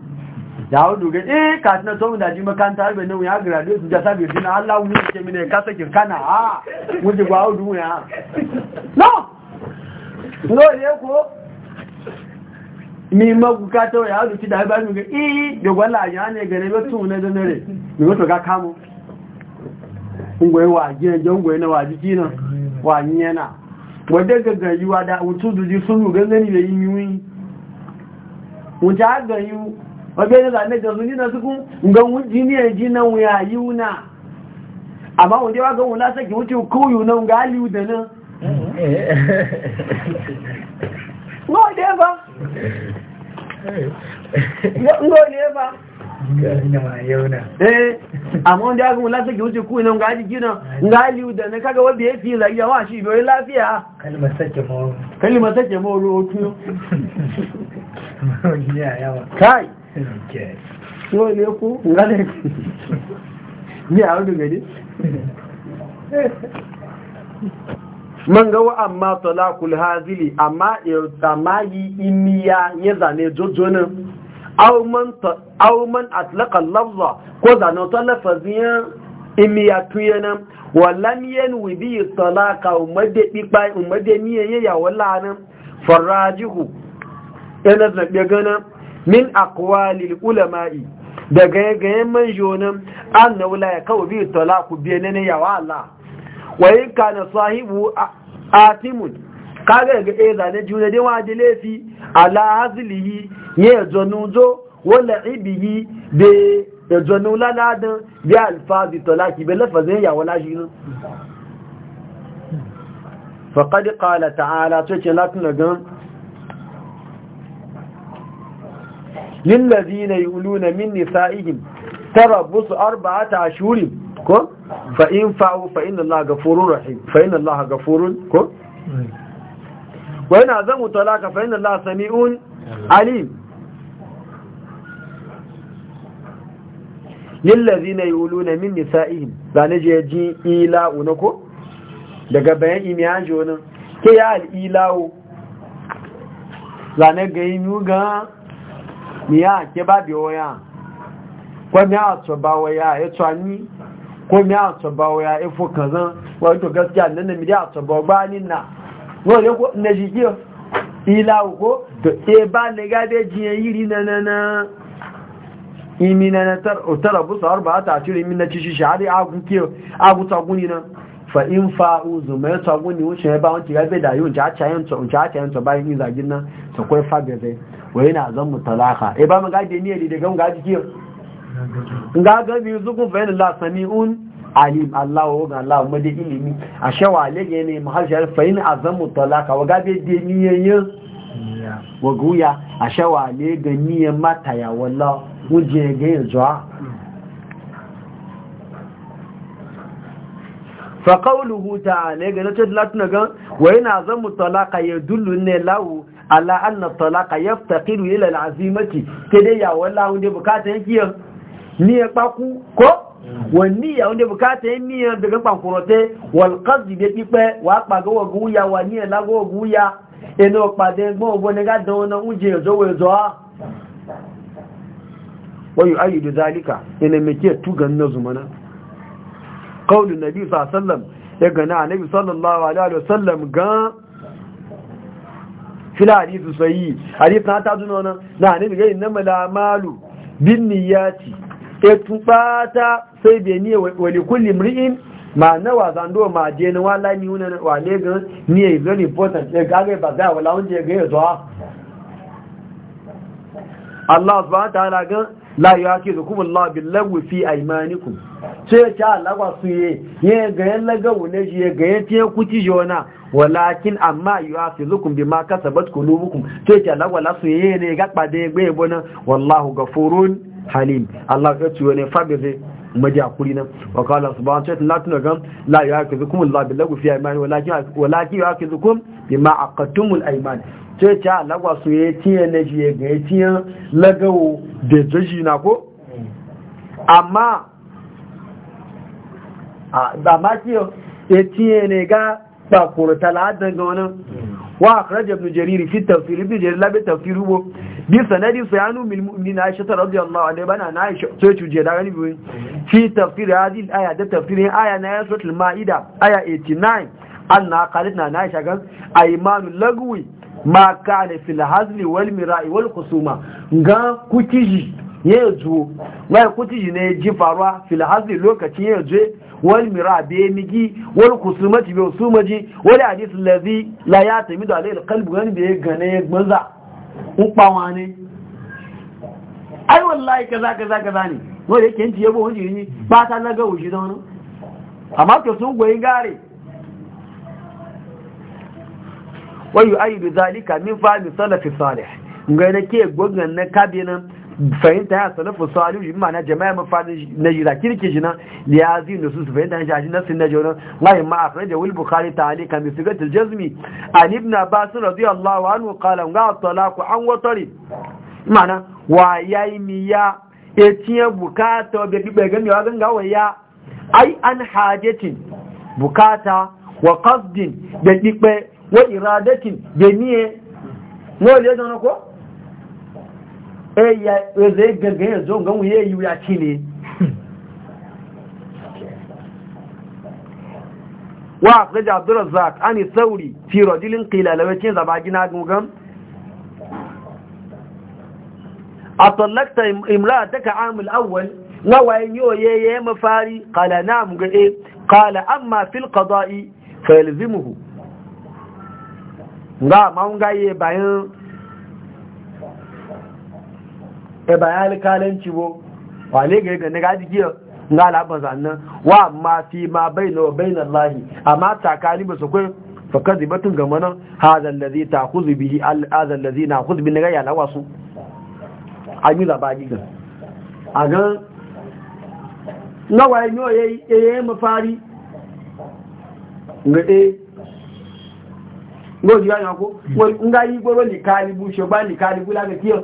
Dawudu ga eh ka tana to da ji makanta na nan ya graduate da sabi dina Allah wuni ke mine ka kana a wuje ba Dawudu ya no no ne ko mi ma to ya da ba mu ga eh da gwala ya ne ga ne ba tun ne da mi wato ga ngwe wa je je ngwe na wa ji kina wa nyena wadda ga yiwa da wutu duji sunu ga da yin wuta ga ọjọ́ ìlú àmì ìjọsùn jínà síkún ǹgan wọ́n jí ji ẹ̀jí náà wọ́n yà yíò náà àmá wọ́n jẹ́ wá gan wọ́n lásẹ̀kì wọ́n tí ó kóòyò náà ń gáà líò dẹ̀ náà wọ́n dẹ́ bá wọ́n dẹ́ bá eh, àmọ́ ọdí agun ga ó ti kú iná ngáàjì jí náà ngáàlì ìdẹ̀nà kágawọ́ bí èéfì ilẹ̀ ìyàwó àṣì ìbẹ̀rẹ̀ láfíà so ne ku nga man ga wa amma talakul hazili amma amma yi iniya ya zane jojjonin auman man lafza ko zane ta lafazin imiya tuyanan wa lam yanwi bi talaqa umade bipa umade niyan ya wala nan farajihu yana ɓe ganin min akwalil ulama'i daga yagayen manjonin an na wula ya kawo biyu talaku bi ne ne yawa Allah wayi kana sahibu atimun kaga ga ɗaya eh, zane juna dai wa da ala hazilihi ya zonuzo wala ibihi da la zonu laladin biya alfazi talaki bai lafazin yawa lashi nan faƙaɗi ƙala ta'ala to ce gan lillazina yuluna min nisa'ihim tarabbusu arba'ata ashhurin ko fa in fa'u fa inna allaha rahim fa inna allaha ghafurun ko wa yana zamu talaka fa inna allaha sami'un alim lillazina yuluna min nisa'ihim zane je ji ila'u nako daga bayan imiyaji wannan ke ya al'ila'u zane ga yi ga ni ke ba bi waya ko mi a to ba waya e to ani ko mi to ba waya e fo kazan wa to gaskiya nan ne mi da to ba ba ni na wo le ko ne ji ki ila ko to e ba ne ga de ji yiri na na na imi na na tar o tarabu sa arba'a ta shiri min na ci shi shahadi agu ki agu ta guni na fa in fa uzu mai tsagun ni wuce ba wanti ya bai da yi wuce a cayen ta wuce a cayen ta bayan yin zagin nan ta kwai faga zai wai na zan mu e ba mu gaje ne da gan ga jiki ga ga bi zukun fa yana la sami'un alim Allah wa ga Allah ma da ilimi a shawa lege ne mu har fa yana zan mu talaka wa gabe de niyan e wa guya a shawa ga niyan e mata ya wallahi wuje ga e yanzu فقوله تعالى قالت لاتنا قال وإن أعظم الطلاق يدل له على أن الطلاق يفتقر إلى العزيمة كده يا ولا عندي بكاتا يكي نية باكو كو والنية عندي بكاتا نية بكاتا بانكوروتي والقصد بيكيبه وأقبع قوة قوية ونية لا قوة قوية إنه أقبع دين قوة بنيكا دونا وجيه زوه زوه ويؤيد ذلك إنه مكيه توغن نظمنا kawulun nabi sallam ya gana a nabi sallallahu alaihi wasallam gan fila hadithu sayi hadithu na ta zuna wani na hannun gani na malamalu bin niyati ya tubata sai bai niya wali kulli mri'in ma na wasan do ma je na wala ni wa wale gan niya is very important ya gage ba za wala wanda ga ya zuwa Allah subhanahu wa ta'ala gan la yu'akizukum Allah billahi fi aymanikum sai ta alagwa su ye ye ga yan lagawu shi ya ga yan tiye kuci wana walakin amma yi wa bi yuafizukum bima kasabat qulubukum sai ta alagwa la su yi ne ga pade gbe bona wallahu ga furun halim allah ya ci wani fabize maji kuri nan wa kala subhanahu wa ta'ala tuna gam la yuafizukum allah billahi fi aymani walakin walakin yuafizukum bima aqatumul ayman sai ta alagwa su ye tiye ne ya ga tiye lagawu da zaji na ko amma ba ma kiyo ya ciye ne ga bakuru talatin ga wani wa akhraj ibn jariri fi tafsir ibn jarir la bi tafsir wo bi sanadi sayanu min mu'minin aisha radhiyallahu anha bana na aisha sai tuje da gani biyu fi ya hadhihi aya da tafsirin aya na suratul maida aya 89 na kalit na aisha gan aymanu lagwi ma ne fil hazli wal mira'i wal kusuma ga kutiji zuwa. mai kutiji ne ji faruwa fil hazli lokacin zuwa? wal mira be migi wal kusumati be usumaji wal hadith allazi la yatamidu alayhi alqalb wan be gane gbanza un pawa ne ai wallahi kaza kaza kaza ne wanda yake yanci yabo wani ne ba ta na ga wushi da wani amma to sun goyi gare wayu ayu zalika min fa bi salafi salih ga nake gogan na kabinan fahimta ya salafu salihu shi ma'ana jama'a mafadin na jira kirki shi nan ya zai da su su fahimta shi na na jira wani ma a da wil bukhari ta alika kan bisu gatil jazmi an ibn abbas radiyallahu anhu qala ga talaku an watari ma'ana wa yayi mi ya etiye bukata be be gami wa ganga wa ya ai an bukata wa qasdin da dipe wa iradatin da niye mo le don eya zai gangan ya zo gan wuye yi ya ci ne wa akwai da abdurrazzak ani sauri fi rajulin qilalawai cin zaba gina gungan a tallakta imra ta ka amul awwal na wayan oye ya yi mafari kala na mugaye kala amma fil qada'i fa yalzimuhu ga ma ngaye bayan e ba ya alkalanci bo wale ga ga ga giya ga alaɓar zannan wa ma fi ma baina wa baina Allah amma takali ba su kai fakar zibatun ga manan hazan da zai bihi al'azan na kuzu bin gaya na wasu an yi zaba gigan a gan nawayen yau ya yi mafari ga ɗaya lóòjì yáyàn kó ń gáyí gbọ́rọ̀ nìkàlìbú ṣọgbá nìkàlìbú lágbẹ̀kíyàn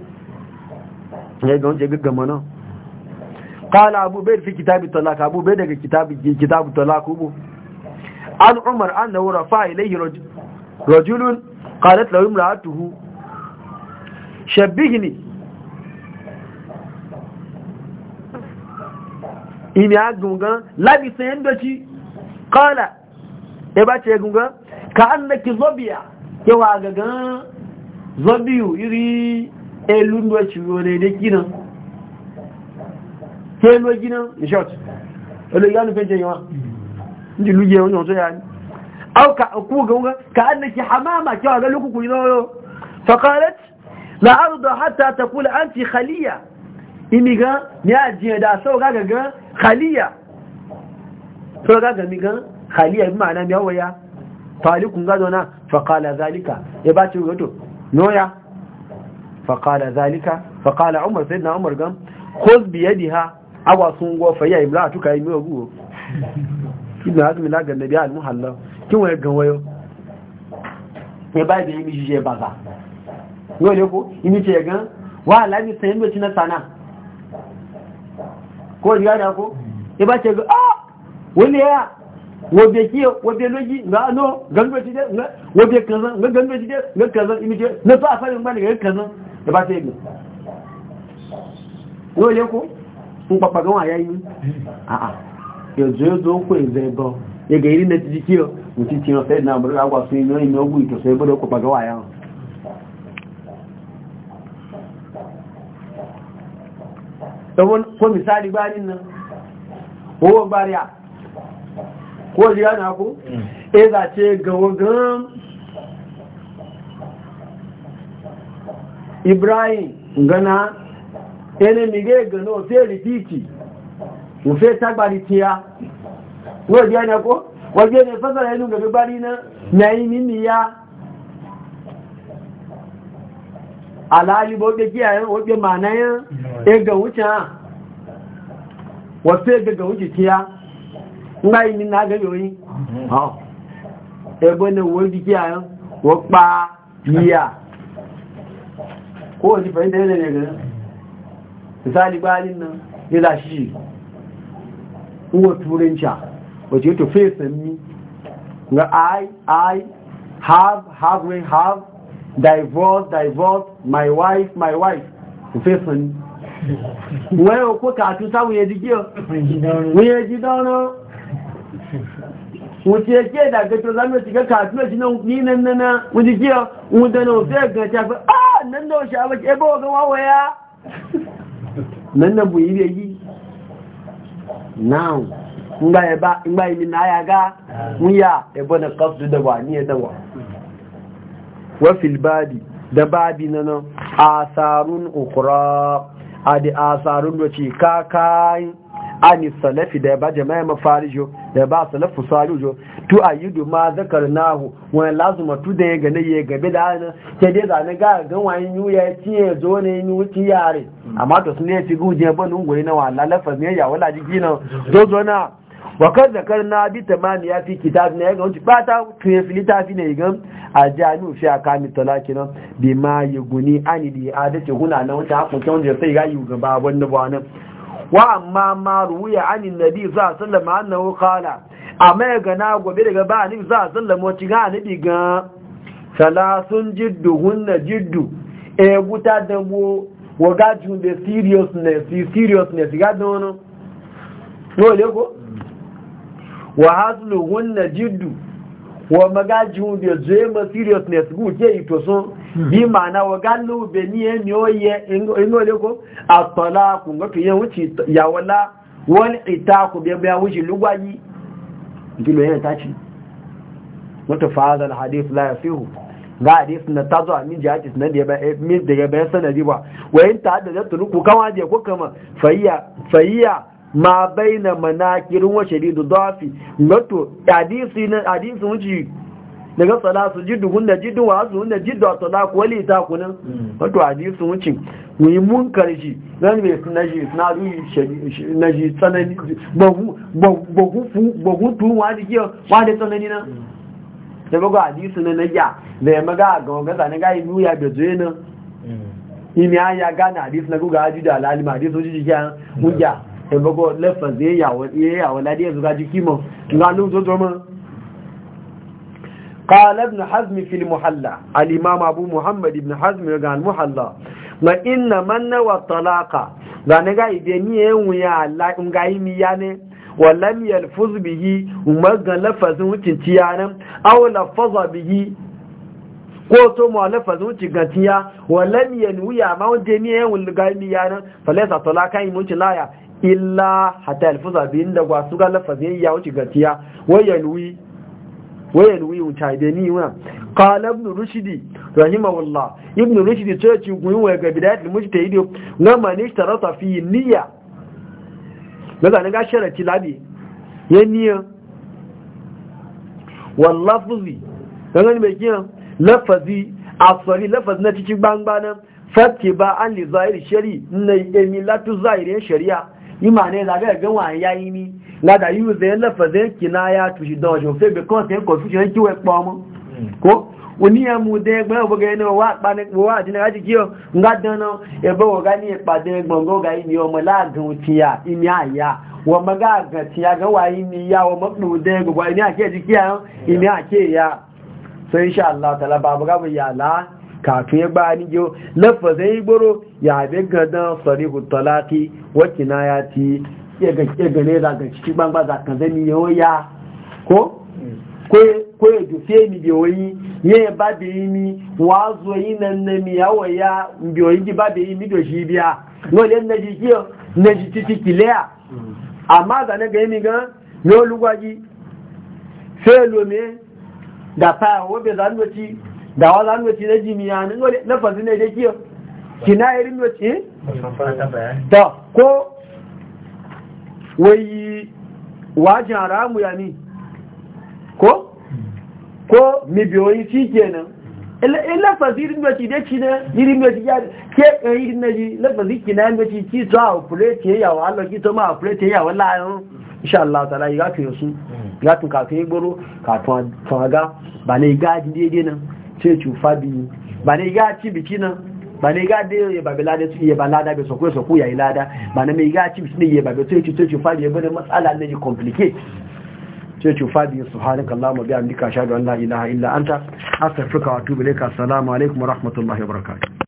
ya ga wancan gaggama nan kala abu bai fi kitabi talaka abu bai daga kitabi talaka ubu an umar an nawo rafa ilayhi rajulun qalat lahu imra'atuhu shabbihni imi agungan labisan yandoci kala ya ba ce gungan ka yawa gagan zobiyu iri elun do chiro ne de kinan ke lo kinan in short ya lu fenje yawa ndi lu je won so ya ni aw ka ku ga ga ka annaki hamama ke ga yi ku yo fa qalat la arda hatta taqul anti khaliya imiga ni ajiye da so ga ga khaliya so ga ga mi ga khaliya bi ma'ana mi hawaya falikun ga zona fa zalika ya ba ci ga to noya فقال ذلك فقال عمر سيدنا عمر قال خذ بيدها او سنغو فيا إمرأتك أيمي أبوه ابن عزم لا قال نبي على المحلة كم غن ويو يبقى يبقى يمي جيجي بغا يقول يقول يمي جيجا وعلا يمي سيمي تنا سنة ko riya da ko ya ba ce ga ah wani ya wabe ki wabe loji ga ano gangoci da wabe غن ga gangoci da ga kaza imi ce na fa asalin ba ne غن kaza da ba ta yi ne lé kó ń pàpà gan wà yá yìí àà yọ̀zọ̀ yóò tó kó ìzẹ̀ ẹ̀bọ̀ yẹ̀gẹ̀ ìrí nẹ́ti di kí ọ ti tiran fẹ́ náà bọ̀rọ̀ àwà yi iná ìní ọgbù ìtọ̀sọ̀ ẹgbọ́dọ̀ pàpà gan wà yá hàn ẹwọ́ kó mi sáré gbá nínú owó gbárí à kó rí àná ibrahim gana enemi ga gano ofe rikiki ofe tagbaritiya waje ne ko waje ne fasara yanu gabe bari na yayi mini ya alayi bo be ya o be manayan e ga wuce wafe ga ga wuce kiya ngai min na ga yoyi mm-hmm. ha e bo ne wo di kiyaye wo pa iya kowace fahimta yadda ne ganin misali bayanin nan ya za shi uwa turinca wace yato fesa mi ga i i have have we have divorce divorce my wife my wife fesa mi wọ́n yóò kó kàtún sáwọn yẹ jíjọ́ wọ́n yẹ jíjọ́ wuce ke da gato za mu shiga kasuwa shi ni nan nana wuce kiyo wuce na wuce ga shafi a ah, nan da shi abu ke bawa gama waya nan da buyi da yi now in ba ya ba ba yi na ya ga muya ya bane kasu da wa, ni ya dawa wafil badi da babi na nan asarun ukura a da asarun wuce ce kakayin ani salafi da ba jama'a mafarijo da ba salafu salujo tu ayidu ma zakarnahu wa lazuma tu da ga ne ga bi da na ke dai zane ga ga wani yu ya ci ya zo ne ni wuci yare amma to sun ne fi guje ba nun goyi na wala lafa ne ya wala jiki na zo zo na wa kan zakarna bi tamani ya fi kitab ne ga wuci ba ta tu ya fi ne ga a jami fi aka mi talaki na bi ma yuguni ani bi adace guna na wuta hakun kyon je sai ga yu gaba wannan ba nan wa amma ma ruya anin nabi za sallama annahu qala amma ga na gobe daga ba ni za sallama wacin ga annabi ga salasun jiddu hunna jiddu e guta da mu wa gajun da seriousness the seriousness ga da no no le ko wa hunna jiddu wa magajun da jema seriousness gu ke ito sun Bi wa ni bí màánà wọ̀gá lóòbẹ̀ ní ẹni ó ya wala olóko àtọ̀lá kùngọ́tù yẹ wúci yàwọlá wọ́n ìtaakù bẹ̀bẹ̀ wúci lúgbáyí ìdílò yẹn tàci wata fa'adar hadith la ya fihu ga hadith na eh, ta zo a min jihati na daga bayan sanadi ba wayin ta da zata ruku kama je ko kama fayiya ma bai na manakirin wa shadidu dafi wato hadisi na hadisi wuci daga salatu jiddu hunna jiddu wa azu hunna jiddu wa talaqu wali ta kunan mm. wato hadisu wucin muyi mun karshi zan be sunaji sunaji naji tsanani bahu bahu bahu tu wa dike wa da tsanani na da bago hadisu na naja da ya maga ga ga zan ga yi ya da zuye na mm. imi an ya gane na hadisu na ga hadisu da alalima hadisu jiji ya mun ya da bago lafazin ya wa ya ladi ya zuga jiki mo ga lu zo zo mo قال ابن حزم في المحلى الامام ابو محمد ابن حزم قال المحلى وإن من والطلاق ذنقا إبنيه ويا الله أمقايمي مياني ولم يلفظ به وما لفظ وتنتيانا او لفظ به ko to mu alafa zuci gantiya walam yanwiya ma wanda ne yayin lugami yana falasa talaka yi mutu laya illa hatta alfuza bi inda gwasu ga lafazi ya wuce gantiya wayanwi Waiyan wuya wuce ake da ni ma? Ƙa'olaf Nuhi Rashidi, rahima walla'a. If Nuhi Rashidi cewa yin waya gaba ɗaya ta ta yi dai. Na ma'anin shi ta rasa filiya. Na ga ni ga shi ya ya wala suzi. Na gani mai gina lafazi a tsari, lafazi na cikin gbangbana. Faski ba an lissawa iri shari, na yi ƴan lattun shari'a. ne ga jan wayan ya yi ni? ládà yíò zẹ́ lẹ́fẹ̀ẹ́ kìnnáyà tùsì dánjọ́ fẹ́bẹ̀ kan tẹ́ kọ̀ fíṣẹ́ kí wẹ́ pọ̀ ọmọ kó oníyàmù dẹ́gbẹ́ ọgbọ́gẹ́ ní wà pàdánwà àti náà jíkí ọ ńgá dáná ẹbọ́ ọ̀gá ní ìpàdé gbọ̀ngọ́gá ìní ya ọmọ pẹ̀lúdẹ́ gbogbo ìní àkíyà jíkí ya so kafin ba e ni ya gadan talaki ya kega kega ne daga ciki gbangba za ka zani yau ya ko ko ya dufe ni biyoyi ya ba da yi mi wazo yi nan na mi yawa ya biyoyi ki ba yi mi da shi biya wale na ji kiyo na ji titi kiliya amma ga na ga yi mi gan felo me da fa wobe zanwaci da wa zanwaci na jimiya na fasi na je kiyo kina irin wace? ko wai wajin haramu ya ni ko ko mi biyoyi ci kenan lafazi rinwaci da ci na yi rinwaci ya ke ɗari rinwaci lafazi ki na rinwaci ki to a operate ya wa Allah ki to ma operate ya wa layan insha Allah ta'ala yi gafi yasu ya tun kafin yi gboro kafin ga ba na yi gaji daidai nan ce cufa biyu ba na yi gaji biki nan ba ne ga da ya babi lada su ya ba lada bai sako sako ya yi lada ba na mai ga ci su ne ya babi sai ci sai ci fadi ya bane matsala ne ya complicate sai ci fadi subhanaka allahumma bihamdika ashhadu an la ilaha illa anta astaghfiruka wa atubu ilaika assalamu alaikum wa rahmatullahi wa barakatuh